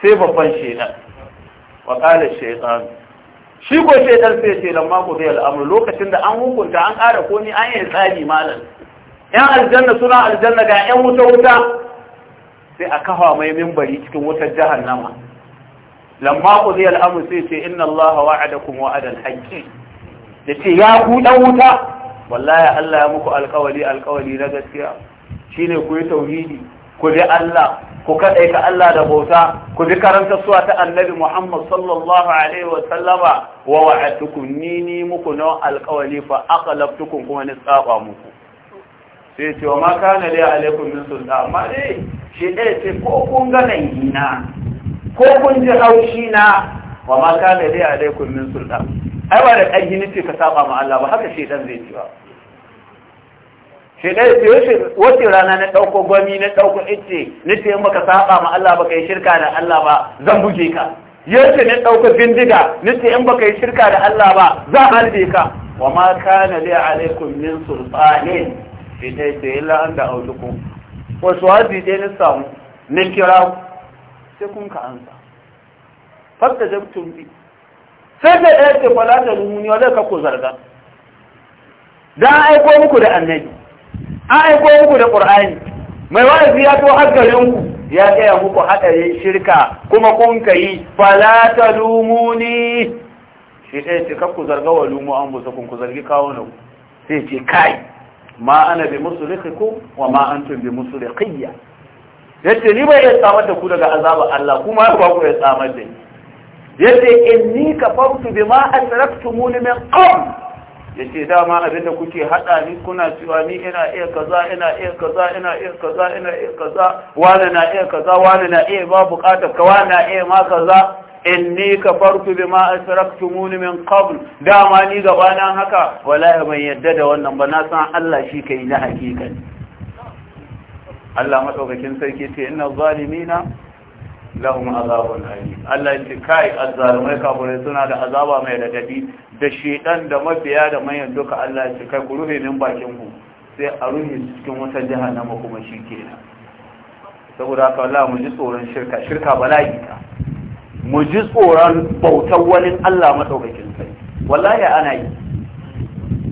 sai babban shaidan wa ƙalar shaidan shi ko shaidan sai shaidan mako zai al'amur lokacin da an hukunta an ƙara ko ni an yi tsari malam ‘yan aljanna suna aljanna ga ‘yan wuta-wuta sai a kafa mai mimbari cikin wutar jahannama lamma ku al-amr sai ce inna Allah wa'adakum wa'adal haqqi yace ya ku dan wuta wallahi Allah ya muku alƙawari alƙawari na gaskiya shine ku yi tauhidi ku bi Allah ku kaɗai ka Allah da bauta ku bi karanta suwa ta annabi Muhammad sallallahu alaihi wa sallama wa wa'atukum ni ni muku na alƙawali fa tukun kuma ni tsaba muku sai ce wa ma kana li min sulta amma dai shi ɗaya ce ko kun ga nan na ko kun ji haushi na wa ma kana dai alaikum min sultan ai ba da ne ce ka saba ma Allah ba haka shedan zai ci ba shedan ya ce wace rana na dauko gwami na dauko ice nace in baka saba ma Allah ba kai shirka da Allah ba zan buge ka yace na dauko bindiga ce in baka yi shirka da Allah ba za a halbe ka wa ma kana dai alaikum min sultanin shedan ya ce illa an da audukum wasu wazi dai ne samu na kira sai kun ka ansa fatta jabtum bi sai da ɗaya ce fala ta rumuni wa zai kakko zarga da an aiko muku da annabi an aiko muku da qur'ani mai wa'azi ya to har ku ya gaya muku haɗarin shirka kuma kun ka yi fala ta lumuni shi ɗaya ce kakku zarga wa lumu an busa kun ku zargi kawo na sai ce kai ma ana bi musulikhikum wa ma antum bi musulikhiyya yace ni ba iya tsamar da ku daga azabar Allah kuma ba ku iya tsamar da ni yace inni kafartu bima asraktumuni min qabl yace dama abinda kuke hada ni kuna cewa ni ina iya kaza ina iya kaza ina iya kaza ina iya kaza wani na iya kaza wani na iya ba bukatar ka wani na iya ma kaza in ni ka bi ma asraktu asraktumuni min qabl dama ni gaba nan haka wallahi ban yadda da wannan ba na san Allah shi kai na hakika Allah matsaukakin sarki ce zalimi na lahum azabun alim Allah ya ce kai azzalumai kafirai suna da azaba mai radadi da shedan da mabiya da manyan duka Allah ya ce kai ku rufe min bakin ku sai a rufe cikin wata jahannama kuma shi na. saboda haka Allah mu ji tsoron shirka shirka bala'i ta mu ji tsoron bautar wani Allah matsaukakin sarki wallahi ana yi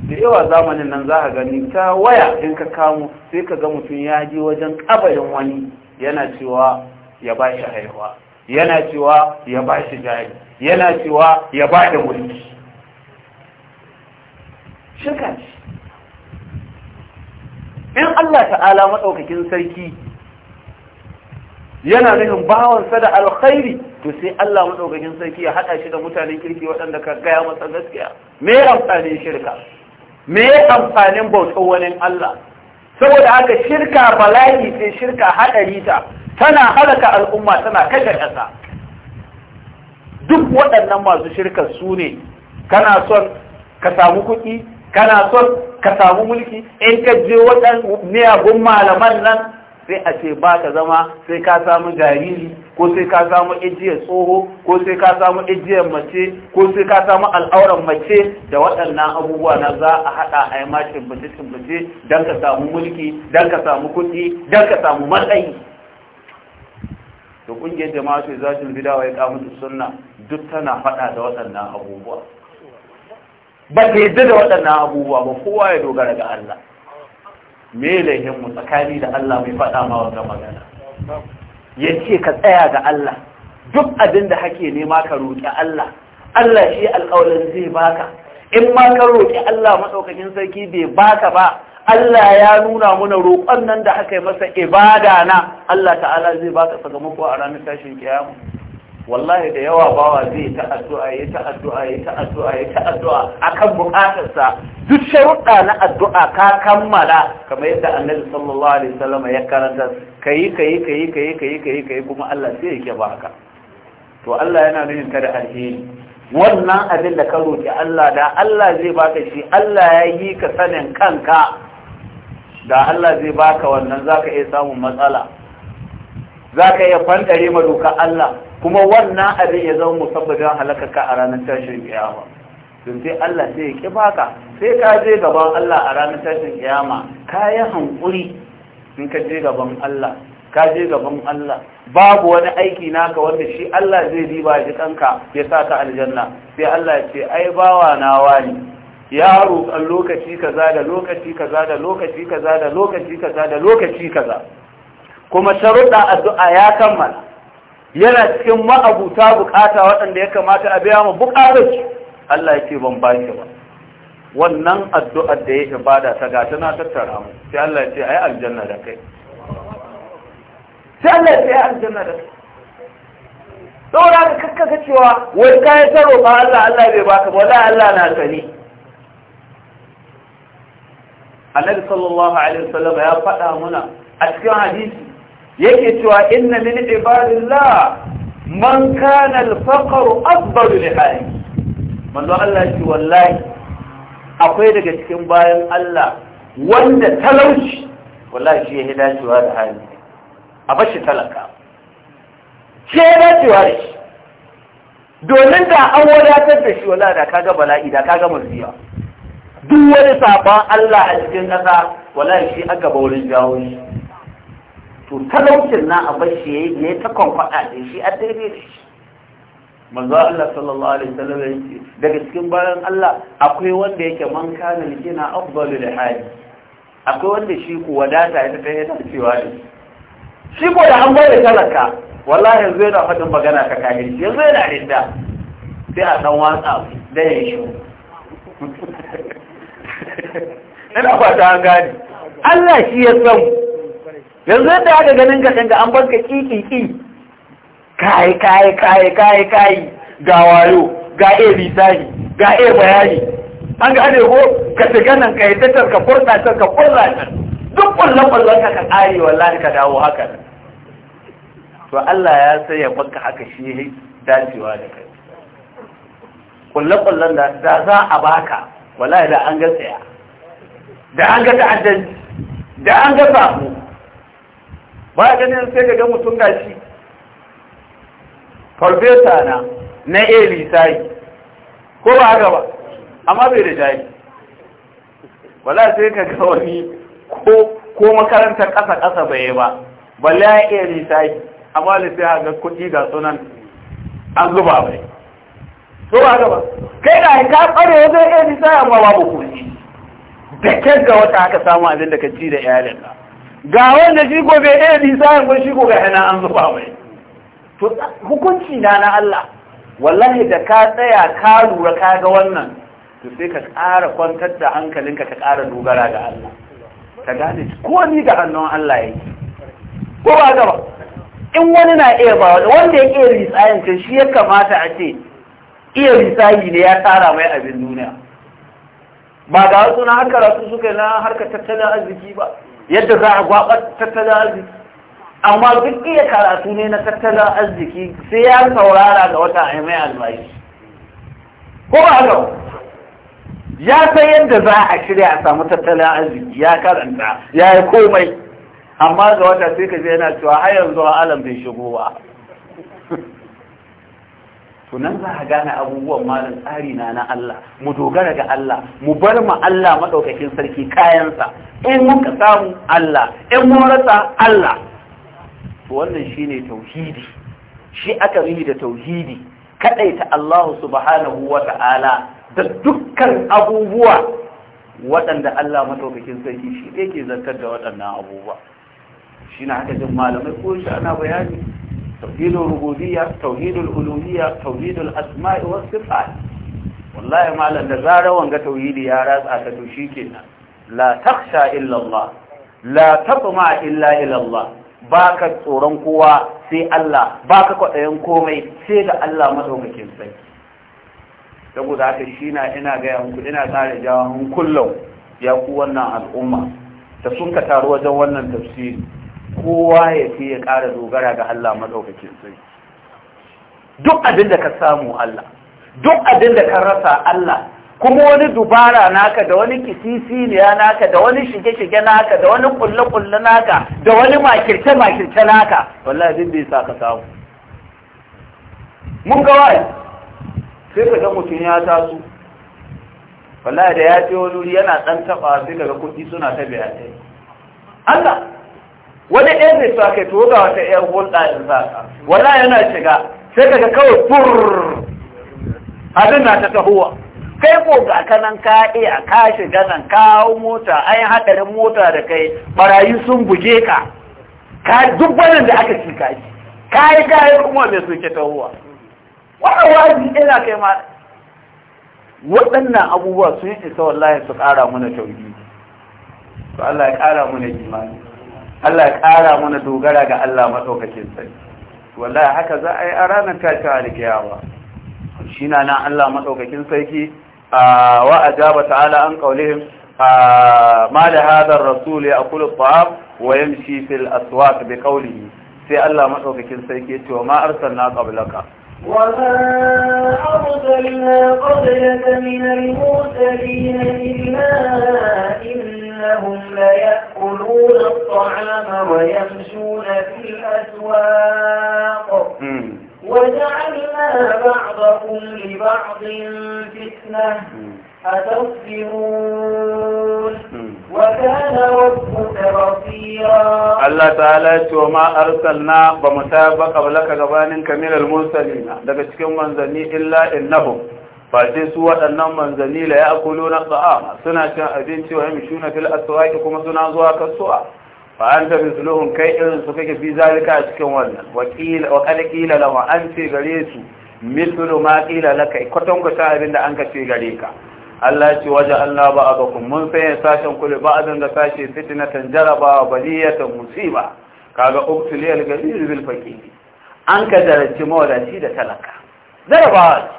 da yawa zamanin nan za ka gani ta waya in ka kamo sai ka ga mutum ya je wajen kabarin wani yana cewa ya ba shi haihuwa yana cewa ya ba shi jari yana cewa ya ba da mulki in Allah ta'ala maɗaukakin sarki yana nufin bawansa da alkhairi to sai Allah maɗaukakin sarki ya haɗa shi da mutanen kirki waɗanda ka gaya masa gaskiya me amfanin shirka me ya amfanin bautar wani Allah saboda haka shirka bala'i ce shirka haɗari ta tana halaka al'umma tana kashe ƙasa duk waɗannan masu shirka su ne kana son ka samu kuɗi kana son ka samu mulki in ka je waɗannan miyagun malaman nan sai a ce ba ka zama sai ka samu jariri ko sai ka samu ijiyar tsoho ko sai ka samu ijiyar mace ko sai ka samu al'auran mace da waɗannan abubuwa na za a haɗa a yi ma shimbice-shimbice don ka samu mulki don ka samu kuɗi don ka samu matsayi Da ƙungiyar jama'a sai za su bidawa ya da sunna duk tana faɗa da waɗannan abubuwa ba ta yadda da waɗannan abubuwa ba kowa ya dogara ga Allah me laihinmu tsakani da Allah mai faɗa ma wata magana ya ce ka tsaya ga Allah duk abin da hake nema ka roƙi Allah Allah shi alƙawarin zai baka in ma ka roƙi Allah maɗaukakin sarki bai baka ba Allah ya nuna mana roƙon nan da haka yi masa ibada na Allah ta'ala zai baka sakamako a ranar tashin kiyama wallahi da yawa bawa zai ta addu'a ya ta addu'a ya ta addu'a ya ta addu'a akan bukatarsa duk sharuɗa na addu'a ka kammala kamar yadda annabi sallallahu alaihi wasallam ya karanta yi ka yi ka yi ka yi kuma Allah sai yake baka to Allah yana nufin ka da alheri wannan abin da ka roki Allah da Allah zai baka shi Allah ya yi ka sanin kanka da Allah zai baka wannan zaka iya samun matsala zaka iya fantare ma doka Allah kuma wannan abin ya zama musabbabin halakaka a ranar tashin kiyama don sai Allah sai ya ki baka sai ka je gaban Allah a ranar tashin kiyama ka yi hankuri in ka je gaban Allah ka je gaban Allah babu wani aiki naka wanda shi Allah zai riba shi kanka ya sa ka aljanna sai Allah ya ce ai bawa na wani ya roƙan lokaci kaza da lokaci kaza da lokaci kaza da lokaci kaza da lokaci kaza kuma sharuɗa addu'a ya kammala yana cikin ma'abuta bukata waɗanda ya kamata a biya ma bukatar su Allah ya ce ban ba shi ba wannan addu'ar da ya bada ta ga tana tattara mu sai Allah ya ce ai aljanna da kai sai Allah ya ce ai aljanna da kai saboda ka kakkaka cewa wai kayan ta roƙa Allah Allah bai baka ba wallahi Allah na sani Annabi sallallahu alaihi wasallam ya faɗa muna a cikin hadisi yake cewa inna min ibadillah man kana al faqr afdalu li hali manzo Allah shi wallahi akwai daga cikin bayan Allah wanda talauci wallahi shi ya dacewa da hali a bashi talaka shi ya dacewa da shi domin da an wadatar da shi wallahi da kaga bala'i da kaga musiba duk wani sabon Allah a cikin kasa, wallahi shi aka ba wurin jawo shi to talaucin na a bashi yi ne ta kwamfada da shi a daidai da shi manzo Allah sallallahu alaihi wasallam yake daga cikin bayan Allah akwai wanda yake man kana likina afdalu Haji. akwai wanda shi ku wadata ya ta yana cewa ne shi ko da an bari talaka wallahi yanzu yana fadin magana ka kahirci yanzu yana rinda sai a dan whatsapp da ya shi ina fata an gane Allah shi ya san yanzu yadda aka ganin ka canza an banka kiki kai kai kai kai kai ga wayo ga e bisani ga e bayani an ga ade ko ka shiga nan kai tattar ka furta ta ka furta ta duk kullun kullun ka ka kare wallahi ka dawo haka to Allah ya sai ya banka haka shi dacewa da kai kullun kullun da za a baka wallahi da an ga tsaya da an ga ta'addanci da an ga samu ba ganin sai ga mutum gashi farfesa na na elisai ko ba haka ba amma bai da jari wala sai ka ga wani ko makarantar ƙasa ƙasa bai ba balle ya iya amma da sai ga kudi ga sunan an zuba bai ko ba haka ba kai da ka tsare wajen elisai lisai amma babu kudi da kyan ga wata aka samu abin da ka ci da iyalinka ga wanda shi ko bai iya lisanin ba shi ko ga hana an zuba mai to hukunci na na Allah wallahi da ka tsaya ka lura ka ga wannan to sai ka ƙara kwantar da hankalinka ka ƙara dogara ga Allah ka gane ko ni ga hannun Allah yake ko ba gaba in wani na iya ba wanda ya iya risayin ta shi ya kamata a ce iya risayi ne ya tsara mai abin duniya ba ga wasu na harkar su suka na harkar tattalin arziki ba yadda za a gwabar tattalin arziki amma duk iya karatu ne na tattalin arziki sai ya saurara ga wata aimai albashi ko ba haka ya san yadda za a shirya a samu tattalin arziki ya karanta ya yi komai amma ga wata sai ka je yana cewa har yanzu alam bai shigo ba to nan za a gane abubuwan malam tsari na na Allah mu dogara ga Allah mu bar ma Allah madaukakin sarki kayansa in muka samu Allah in mun rasa Allah to wannan shine tauhidi shi aka yi da tauhidi kaɗaita Allah subhanahu wa ta'ala da dukkan abubuwa waɗanda Allah madaukakin sarki shi yake zartar da waɗannan abubuwa shi na haka jin malamai ko shi ana bayani tauhidul rububiyya tauhidul uluhiyya tauhidul asma'i was sifat wallahi malam da zarar wanga tauhidi ya ratsa ta to shikenan la takhsha illa Allah la taqma illa ila Allah baka tsoron kowa sai Allah baka kwadayen komai sai ga Allah madaukakin sai saboda haka shi ina gaya muku ina tsara jawo kullum ya ku wannan al'umma ta sun ka taru wajen wannan tafsiri kowa ya fi ya ƙara dogara ga Allah maɗaukakin sai duk abin da ka samu Allah duk abin da ka rasa Allah kuma wani dubara naka da wani kisisiniya naka da wani shige-shige naka da wani kulle-kulle naka da wani makirce-makirce naka wallahi abin bai sa ka samu mun ga wai sai ka ga mutum ya taso wallahi da ya ce wani yana ɗan taɓa sai daga kuɗi suna ta biya Allah wani ɗaya zai sa kai tuwo ga wata ɗaya hulɗa za ka wala yana shiga sai ga kawai fur abin na ta tahowa kai ko ga kanan ka iya ka shiga nan ka hau mota an haɗarin mota da kai barayi sun buge ka ka duk wannan da aka ci kaji ka yi kayan kuma mai soke tahowa wannan wazi ina kai ma waɗannan abubuwa sun isa wallahi su ƙara mana tauhidi to Allah ya ƙara mana imani Allah ya ƙara mana dogara ga Allah maɗaukakin sai wallahi haka za a yi a ranar tashin alkiyawa shi na nan Allah maɗaukakin sarki a wa'ajaba ta'ala an ƙaunihim ma da hadar rasul ya akulu ta'am wa yamshi fil aswaq bi qawlihi sai Allah maɗaukakin sarki ya ce wa ma arsalna qablaka وما أرسلنا قبلك من المرسلين إلا إنهم ليأكلون الطعام ويمشون في الأسواق وجعلنا بعضكم لبعض فتنة أتصبرون وكان ربك بصيرا الله تعالى وما أرسلنا بمتابة قبلك غبان كمير المرسلين لكتكم منزلني إلا إنهم فاتي سوى أنهم منزلني لا يأكلون الطعام سنة أبنتي ويمشون في الأسواق كما سنة أزواك السؤال fa anta mithluhum kai irin su kake fi zalika a cikin wannan wa qila wa qad qila lahu an gare su mithlu ma qila laka kwatan ku abin da an ka ce gare ka Allah ce waje Allah ba a abakum mun sanya sashen kullu ba'dan da sashe fitnatan jaraba baliyatan musiba kaga ubtiliyal ghalil bil faqir an ka zarci mawadaci da talaka zarabawa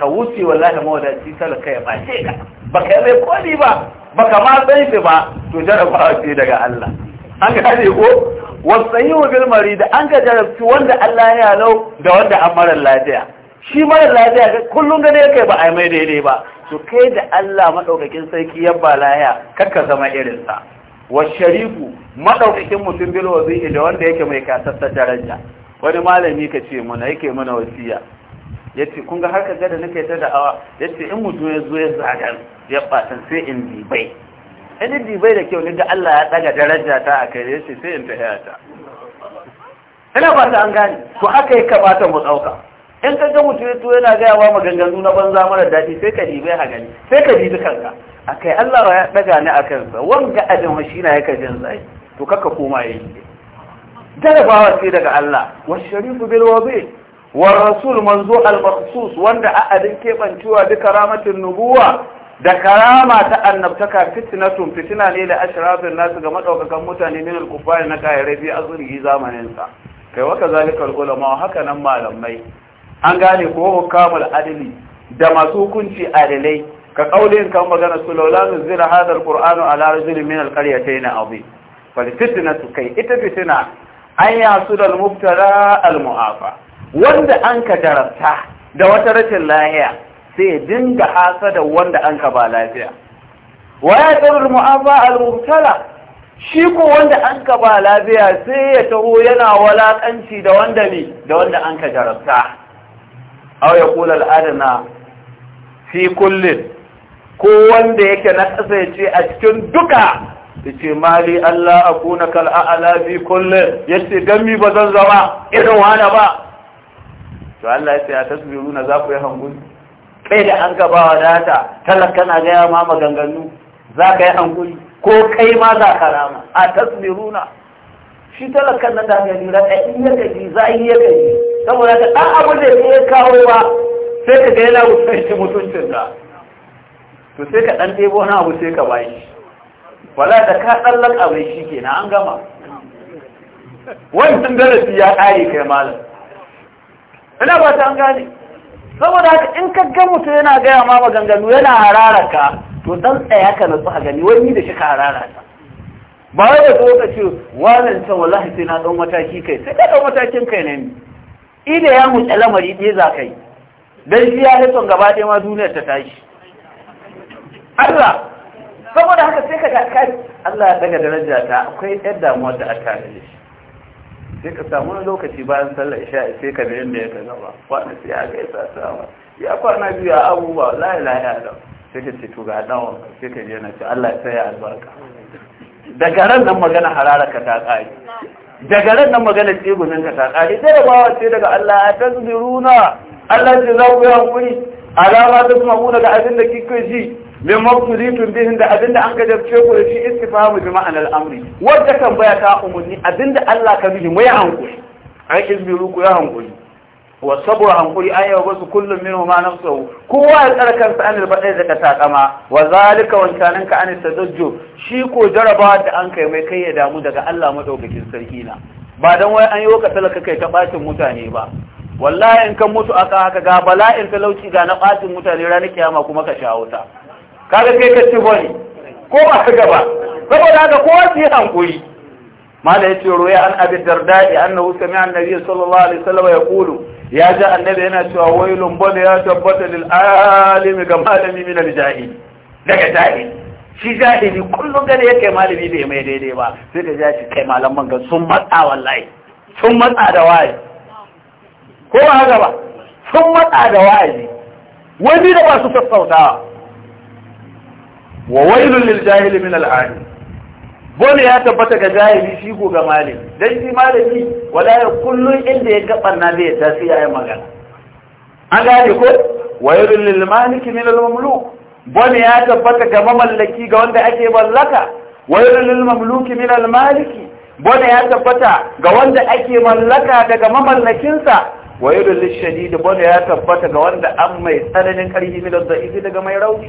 ka wuce wallahi mawadaci talaka ya bace ka baka yi mai koli ba baka ma san ba to jarabawa ce daga Allah an gane ko wasayi wa bilmari da an ga jarabci wanda Allah ya lau da wanda an mara lafiya shi mara lafiya kullum gane kai ba a mai daidai ba to kai da Allah maɗaukakin sarki ya, lahiya kakka zama irin sa. wa sharifu madaukakin mutum bil wazi'i da wanda yake mai kasasta daraja wani malami ka ce mana yake mana wasiya yace kun ga ga da nake ta da'awa yace in mutum ya zo ya zagar ya batan sai in dibai ɗanin dibai da kyau ne da Allah ya ɗaga daraja ta a kai ne sai in tahiya ta ina ba ta an gane to haka ya kamata mu ɗauka in ka ga mutum to yana gaya wa maganganu na banza mara daɗi sai ka dibai a gani sai ka dibi kanka a kai Allah ya ɗaga ni a kansa wanga abin shi na yaka jin tsaye to kaka koma ya yi jarabawa sai daga Allah wa sharifu bil wabi wa rasul manzo al maksus wanda a'adin keɓancewa duka ramatin nubuwa da karama ta annabtaka fitnatun fitina ne da ashrafin nasu ga madaukakan mutane min al-kuffari na kayarai bi azrihi zamanin sa kai waka zalikal ulama haka nan malamai an gane ko hukamul adli da masu hukunci adalai ka kaulin kan magana sulaulanu zira hadal qur'anu ala rajulin min al-qaryatayn azim fal fitnatu kai ita fitina an yasu dal muftara al-mu'afa wanda an ka darasta da wata rashin lahiya sai dinga hasada wanda an ka ba lafiya wa ya mu'amma al-mubtala shi ko wanda an ka ba lafiya sai ya taho yana walakanci da wanda ne da wanda an ka jarabta aw ya kula al fi kullin ko wanda yake na kasa ya ce a cikin duka ya ce mali Allah a kuna kal'a'ala fi kullum ya ce gami ba zan zama irin wani ba to Allah ya ce a tasbiru na za ku yi hanguni kai da an gaba wa data talaka na gaya ma maganganu za ka yi hankuli ko kai ma za ka rama a tasmiruna, shi talakan nan da gani raka in ya gaji za a iya gaji saboda ka ɗan abu da ya kawo ba sai ka ga yana wuce mutuncin da to sai ka ɗan ɗebo wani abu sai ka bayi wala da ka tsallan abu shi na an gama wancan darasi ya kare kai malam ina ba ta an gane saboda haka in ka ga mutum yana gaya ma maganganu yana harara ka to dan tsaya ka nutsu a gani wani da shi ka harara ka ba wai da zo ce wannan ta wallahi sai na dan mataki kai sai ka dan matakin kai ne ida ya mutsa lamari ɗaya za kai dan shi ya hitson gaba ɗaya ma duniyar ta tashi Allah saboda haka sai ka ga Allah ya daga daraja ta akwai yadda damuwa da aka da shi sai ka samu wani lokaci bayan sallar isha sai ka da yadda ya kaza ba kwana sai ya ga isa sama ya kwana biyu a abubuwa lai lai a da sai ka ce to ga dawon sai ka je na ce Allah ya saya albarka daga ran nan magana harara ka ta kare daga ran nan magana tsigunin ka ta kare sai da bawa sai daga Allah ya tazbiruna Allah ya zauya ku hankuri alama ta kuma mu daga abin da kike ji min mabtulitun bihin da abinda an gajabce ku da shi istifamu bi ma'anar amri wadda kan baya ta umarni abinda Allah ka bihi mu ya hankuri ai izbiru ku ya hankuri wa sabra hankuri an yawa basu kullum min ma nafsuhu kowa ya tsara kansa anil badai daga takama wa zalika wancanin ka anil tadajju shi ko jarabawa da an kai mai kai ya damu daga Allah madaukakin sarki na ba dan wai an yi ka talaka kai ta bacin mutane ba wallahi in kan mutu aka haka ga bala'in talauci ga na bacin mutane ranar kiyama kuma ka shawo ta kaga kai ka ci bane ko ba ka gaba saboda haka kowa su yi hankuri mala ya ce roya an abin na wuce mai annabi sallallahu alaihi wasallam ya kulu ya ji annabi yana cewa wailun bane ya tabbata lil alimi ga malami min al jahil daga jahil shi jahili kullum gane yake malami bai mai daidai ba sai da ya kai malaman ga sun matsa wallahi sun matsa da waye ko ba haka ba sun matsa da waye wani da ba su sassautawa wa wailul lil jahili min al'ani bone ya tabbata ga jahili shi ko ga malami dan shi malami wala kullun inda ya gaba na zai ta sai yayi magana an gane ko wailul lil malik min al mamluk bone ya tabbata ga mamallaki ga wanda ake mallaka wailul lil mamluki min al maliki bone ya tabbata ga wanda ake mallaka daga mamallakinsa wayo da lishadi da bane ya tabbata ga wanda an mai tsananin karfi milan da izi daga mai rauni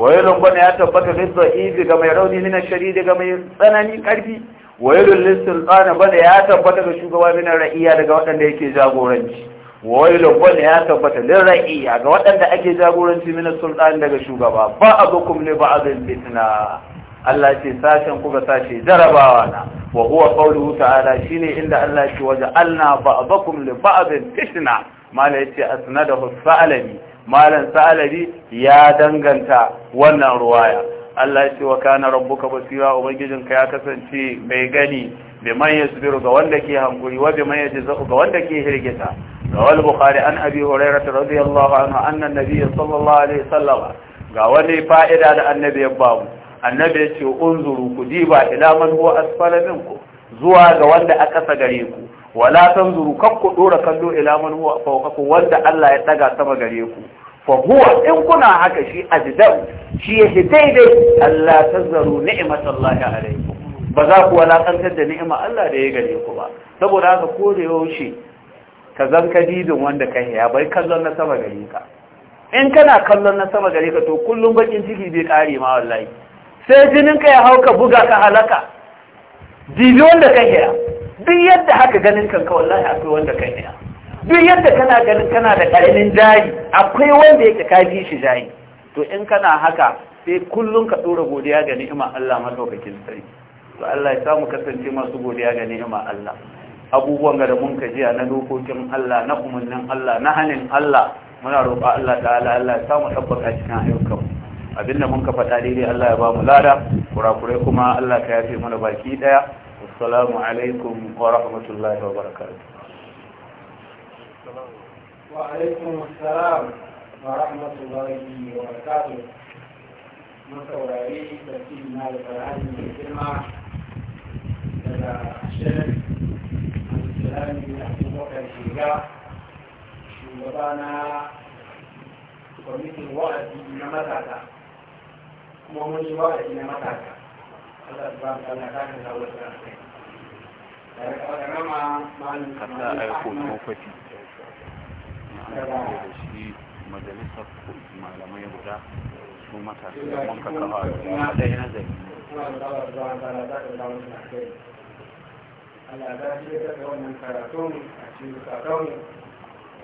wailun Bani ya tabbata lil da'ifi ga mai rauni min ash-shadid ga mai tsanani karfi wailun lil sultana Bani ya tabbata ga shugaba min ra'iya daga waɗanda yake jagoranci wailun Bani ya tabbata lil ra'iya ga waɗanda ake jagoranci min sultan daga shugaba ba abukum li ba'dil fitna Allah ce sashen ku ga sashe jarabawa na wa huwa qawluhu ta'ala shine inda Allah ce waje alna ba'dakum li ba'dil fitna mala yace asnadahu sa'alami malam sa'alabi ya danganta wannan ruwaya Allah ya ce wa kana rabbuka basira ubangijinka ya kasance mai gani bi man yasbiru ga wanda ke hankuri wa bi man yajza'u ga wanda ke hirgita rawal bukhari an abi hurairah radiyallahu anhu anna nabiyyi sallallahu alaihi wasallam ga wani fa'ida da annabi ya bamu annabi ya ce unzuru ku diba ila man huwa asfala minkum zuwa ga wanda aka sa gare ku wala tanzuru kakku dora kallo ila man huwa fawqakum wanda Allah ya daga sama gare ku fa huwa in kuna haka shi ajdau shi yake daidai Allah tanzuru ni'matallahi alaikum ba za ku wala kantar da ni'ima Allah da ya gare ku ba saboda haka ko da yaushe ka zan kadidin wanda ka ya bai kallon na sama gare ka in kana kallon na sama gare ka to kullum bakin ciki bai kare ma wallahi sai jinin ka ya hauka buga ka halaka jibi wanda kan iya duk yadda haka ganin kanka wallahi akwai wanda kan iya duk yadda kana ganin kana da karamin jari akwai wanda yake ka ji shi jari to in kana haka sai kullun ka dora godiya ga ni'ima Allah madaukakin sarki to Allah ya samu kasance masu godiya ga ni'ima Allah abubuwan ga da mun kajiya na dokokin Allah na umarnin Allah na hanin Allah muna roƙa Allah ta'ala Allah ya samu tabbata cikin ayyukanmu abinda mun ka faɗa dai Allah ya ba mu lada kurakurai kuma Allah ka yafe mana baki daya assalamu alaikum wa rahmatullahi wa barakatuh wa alaikum assalam wa rahmatullahi wa barakatuh mun saurari tafsir na da fara'ani mai girma daga shirin al-islami a shiga shugaba na kwamitin wa'azi na matasa kuma mun yi wa'azi na matasa Allah su ba mu tsalla ta kan zawo da kai tare da rama malin kamar da kofi da shi majalisar malamai guda su matasa da mun ka kafa da yana zai Allah za shi ya kasa wannan karatun a cikin karatun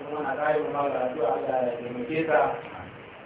kuma na rayu ma ga addu'a Allah ya taimake ta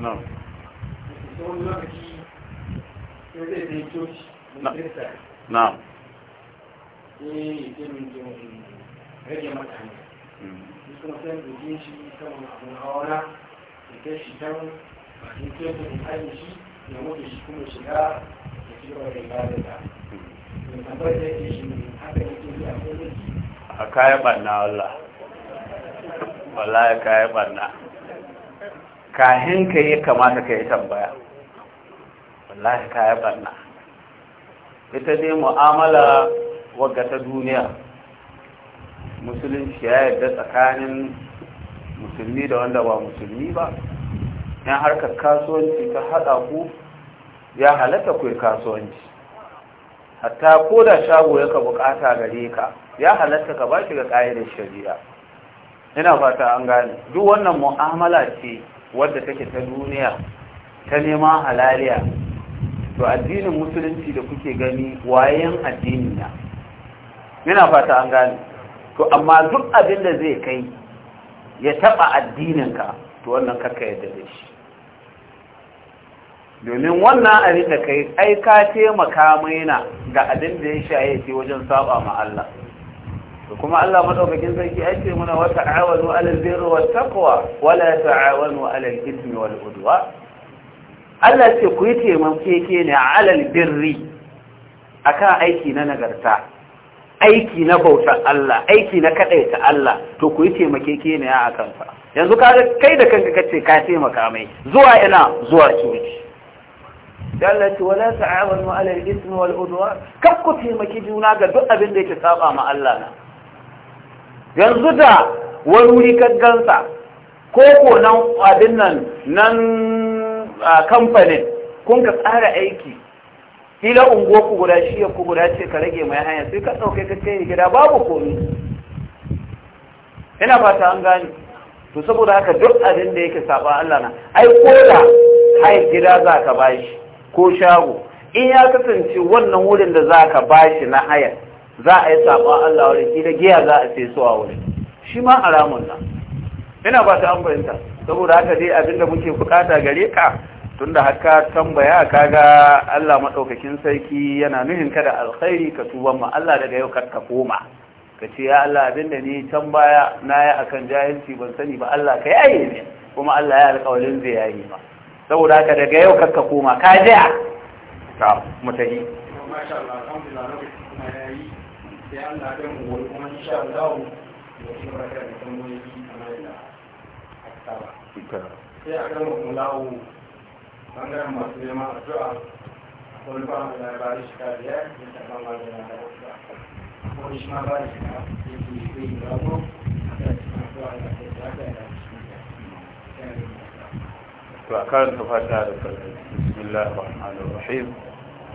na na rage mata hanyar kuma sai da jin shi kan abin hawana da kai shi kan bakin teku da kayan shi ya mutu shi kuma shiga da ci gaba da ibada da tambayar da yake shi haka yake yi a kai a kayan banna wallah wallah ya kayan banna kahin ka yi kamata ka yi tambaya wallahi ka yi barna ita dai mu'amala wagga ta duniya musulunci ya yarda tsakanin musulmi da wanda ba musulmi ba yan harkar kasuwanci ta haɗa ku ya halatta ku kasuwanci hatta ko da shago yaka bukata gare ka ya halatta ka ba shi ga ƙa'idar shari'a ina fata an gane duk wannan mu'amala ce Wanda take ta duniya ta nema halaliya to addinin musulunci da kuke gani wayan addini na yana fata an gane to amma duk abin da zai kai ya taɓa addininka to wannan karka yadda da shi domin wannan abin da kai ai ka taimaka maina ga abin da ya shaye ce wajen saba ma Allah kuma Allah madaukakin sarki ya ce muna wata awanu alal birri wat taqwa wala ta'awanu alal ithmi wal udwa Allah ce ku yi taimakeke ne alal birri akan aiki na nagarta aiki na bautar Allah aiki na kadaita Allah to ku yi taimakeke ne a kansa yanzu kaga kai da kanka kace ka taimaka mai zuwa ina zuwa coci Allah ce wala ta'awanu alal ithmi wal udwa kar ku taimaki juna ga duk abin da yake saba ma Allah na yanzu da wani wuri gansa ko ko nan abin nan nan kamfanin kun ka tsara aiki kila unguwarku ku guda shi ku guda ce ka rage mai hanya sai ka ɗauke ka ce gida babu komi ina fata an gani to saboda haka duk abin da yake saba Allah na ai ko da hai gida za ka bashi ko shago in ya kasance wannan wurin da za ka bashi na haya za a yi saɓa Allah wuri kila giya za a sai su a wuri shi ma a ramun nan ina ba ta an fahimta saboda haka dai abinda muke bukata gare ka tunda haka tambaya kaga Allah maɗaukakin sarki yana nuhin ka da alkhairi ka tuba ma Allah daga yau ka koma ka ce ya Allah abinda ni can baya na yi a kan jahilci ban sani ba Allah ka yaye ne kuma Allah ya alƙawarin zai yaye ma saboda haka daga yau ka koma ka jiya ta mutahi masha Allah alhamdulillah sai Allah ya mu goyi kuma insha Allah da shi barka da tambayoyi kamar da aka sai aka mu lawo bangaren masu neman addu'a akwai ba da labari shi kariya da ta ba ma da ko shi ma ba shi ka yake yi da ko da addu'a da ta da ta da to a karanta fata da bismillahir rahmanir rahim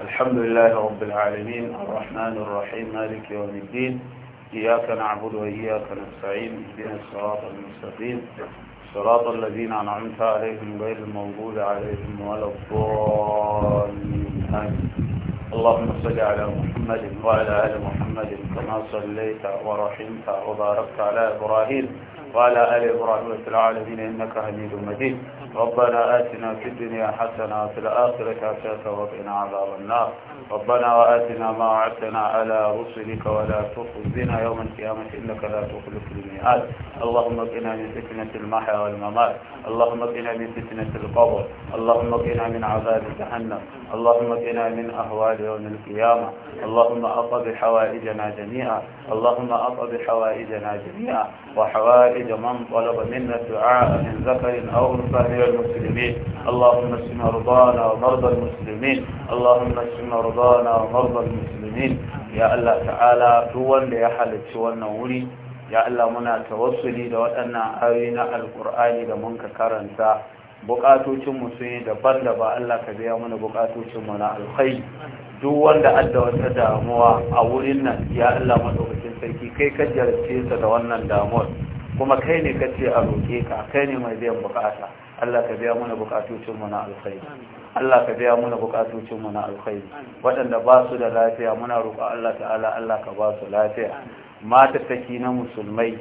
الحمد لله رب العالمين الرحمن الرحيم مالك يوم الدين إياك نعبد وإياك نستعين اهدنا الصراط المستقيم صراط الذين أنعمت عليهم غير المغضوب عليهم ولا الضالين اللهم صل على محمد وعلى آل محمد كما صليت ورحمت وباركت على إبراهيم وعلى آل إبراهيم في العالمين إنك حميد مجيد ربنا آتنا في الدنيا حسنة وفي الآخرة حسنة وقنا عذاب النار ربنا وآتنا ما وعدتنا على رسلك ولا تخزنا يوم القيامة إنك لا تخلف الميعاد اللهم اقنا من فتنة المحيا والممات اللهم اقنا من فتنة القبر اللهم اقنا من عذاب جهنم اللهم اقنا من أهوال يوم القيامة اللهم أقض حوائجنا جميعا اللهم أقض حوائجنا جميعا وحوائج فرج من طلب منا الدعاء من ذكر أو أنثى من المسلمين اللهم allahumma مرضانا ومرضى المسلمين اللهم اشف مرضانا Allahumma المسلمين يا الله تعالى تولى da ya Allah ta'ala duk wanda ya halarci wannan wuri ya Allah muna tawassuli da waɗannan ayoyi na al alkur'ani da mun ka karanta bukatocinmu sun yi daban da ba Allah ka biya mana bukatocinmu na alkhai duk wanda adda wata damuwa a wurin nan ya Allah madaukakin sarki kai ka jarce sa da wannan damuwar kuma kai ne kace a roke ka kai ne mai biyan bukata Allah ka biya mana bukatocin mu na alkhairi Allah ka biya mana bukatocin mu na alkhairi waɗanda ba su da lafiya muna roƙo Allah ta'ala Allah ka ba su lafiya mata take na musulmai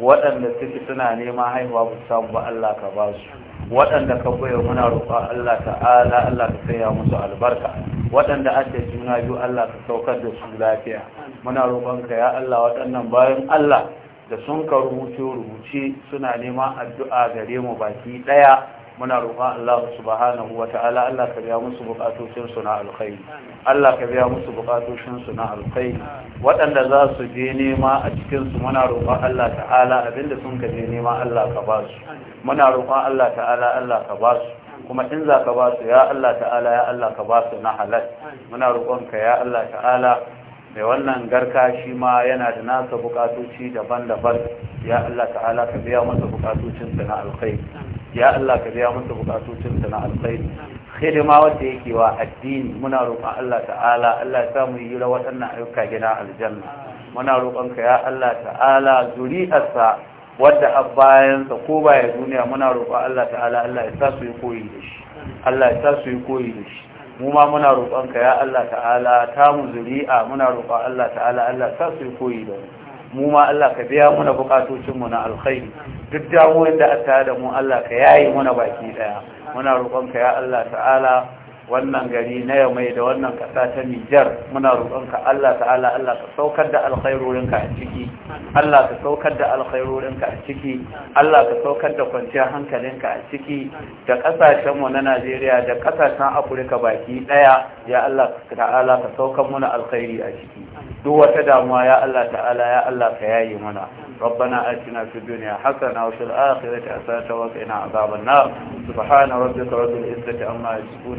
waɗanda suke suna neman haihuwa ba samu ba Allah ka ba su waɗanda ka bayar muna roƙo Allah ta'ala Allah ka saya musu albarka waɗanda ake juna biyu Allah ka saukar da su lafiya muna roƙonka ya Allah waɗannan bayan Allah da sun ka rubuce rubuce suna neman addu'a gare mu baki ɗaya muna roƙon Allah subhanahu wa ta'ala Allah ka biya musu bukatocin su na alkhairi Allah ka biya musu bukatocin su na alkhairi waɗanda za su je nema a cikinsu muna roƙon Allah ta'ala abinda sun ka je nema Allah ka ba su muna roƙon Allah ta'ala Allah ka ba su kuma in za ka ba su ya Allah ta'ala ya Allah ka ba su na halal muna roƙon ka ya Allah ta'ala mai wannan garka shi ma yana da nasa bukatoci daban-daban ya Allah ta'ala ka biya masa bukatocin sa na alkhairi ya Allah ka biya masa bukatocin sa na alkhairi hidima wacce yake wa addini muna roƙon Allah ta'ala Allah ya samu yi ra waɗannan ayyuka gina aljanna muna roƙon ka ya Allah ta'ala zuri'arsa wadda a bayansa ko baya duniya muna roƙon Allah ta'ala Allah ya sa su yi koyi da shi Allah ya sa su yi koyi da shi mu ma muna roƙonka ya Allah ta'ala ta mu zuri'a muna roƙon Allah ta'ala Allah ta su koyi da mu mu ma Allah ka biya muna bukatocin mu na alkhairi duk damuwar da aka da mu Allah ka yayi muna baki daya muna roƙonka ya Allah ta'ala wannan gari na yau mai da wannan kasa ta Nijar muna roƙonka Allah ta'ala Allah ka saukar da alkhairorinka a ciki Allah ka saukar da alkhairorinka a ciki Allah ka saukar da kwanciyar hankalinka a ciki da kasashen mu na Najeriya da kasashen Afirka baki daya ya Allah ta'ala ka saukar muna alkhairi a ciki duk wata damuwa ya Allah ta'ala ya Allah ka yaye mana ربنا آتنا في الدنيا حسنة وفي الآخرة حسنة وقنا عذاب النار سبحان ربك رب العزة عما يصفون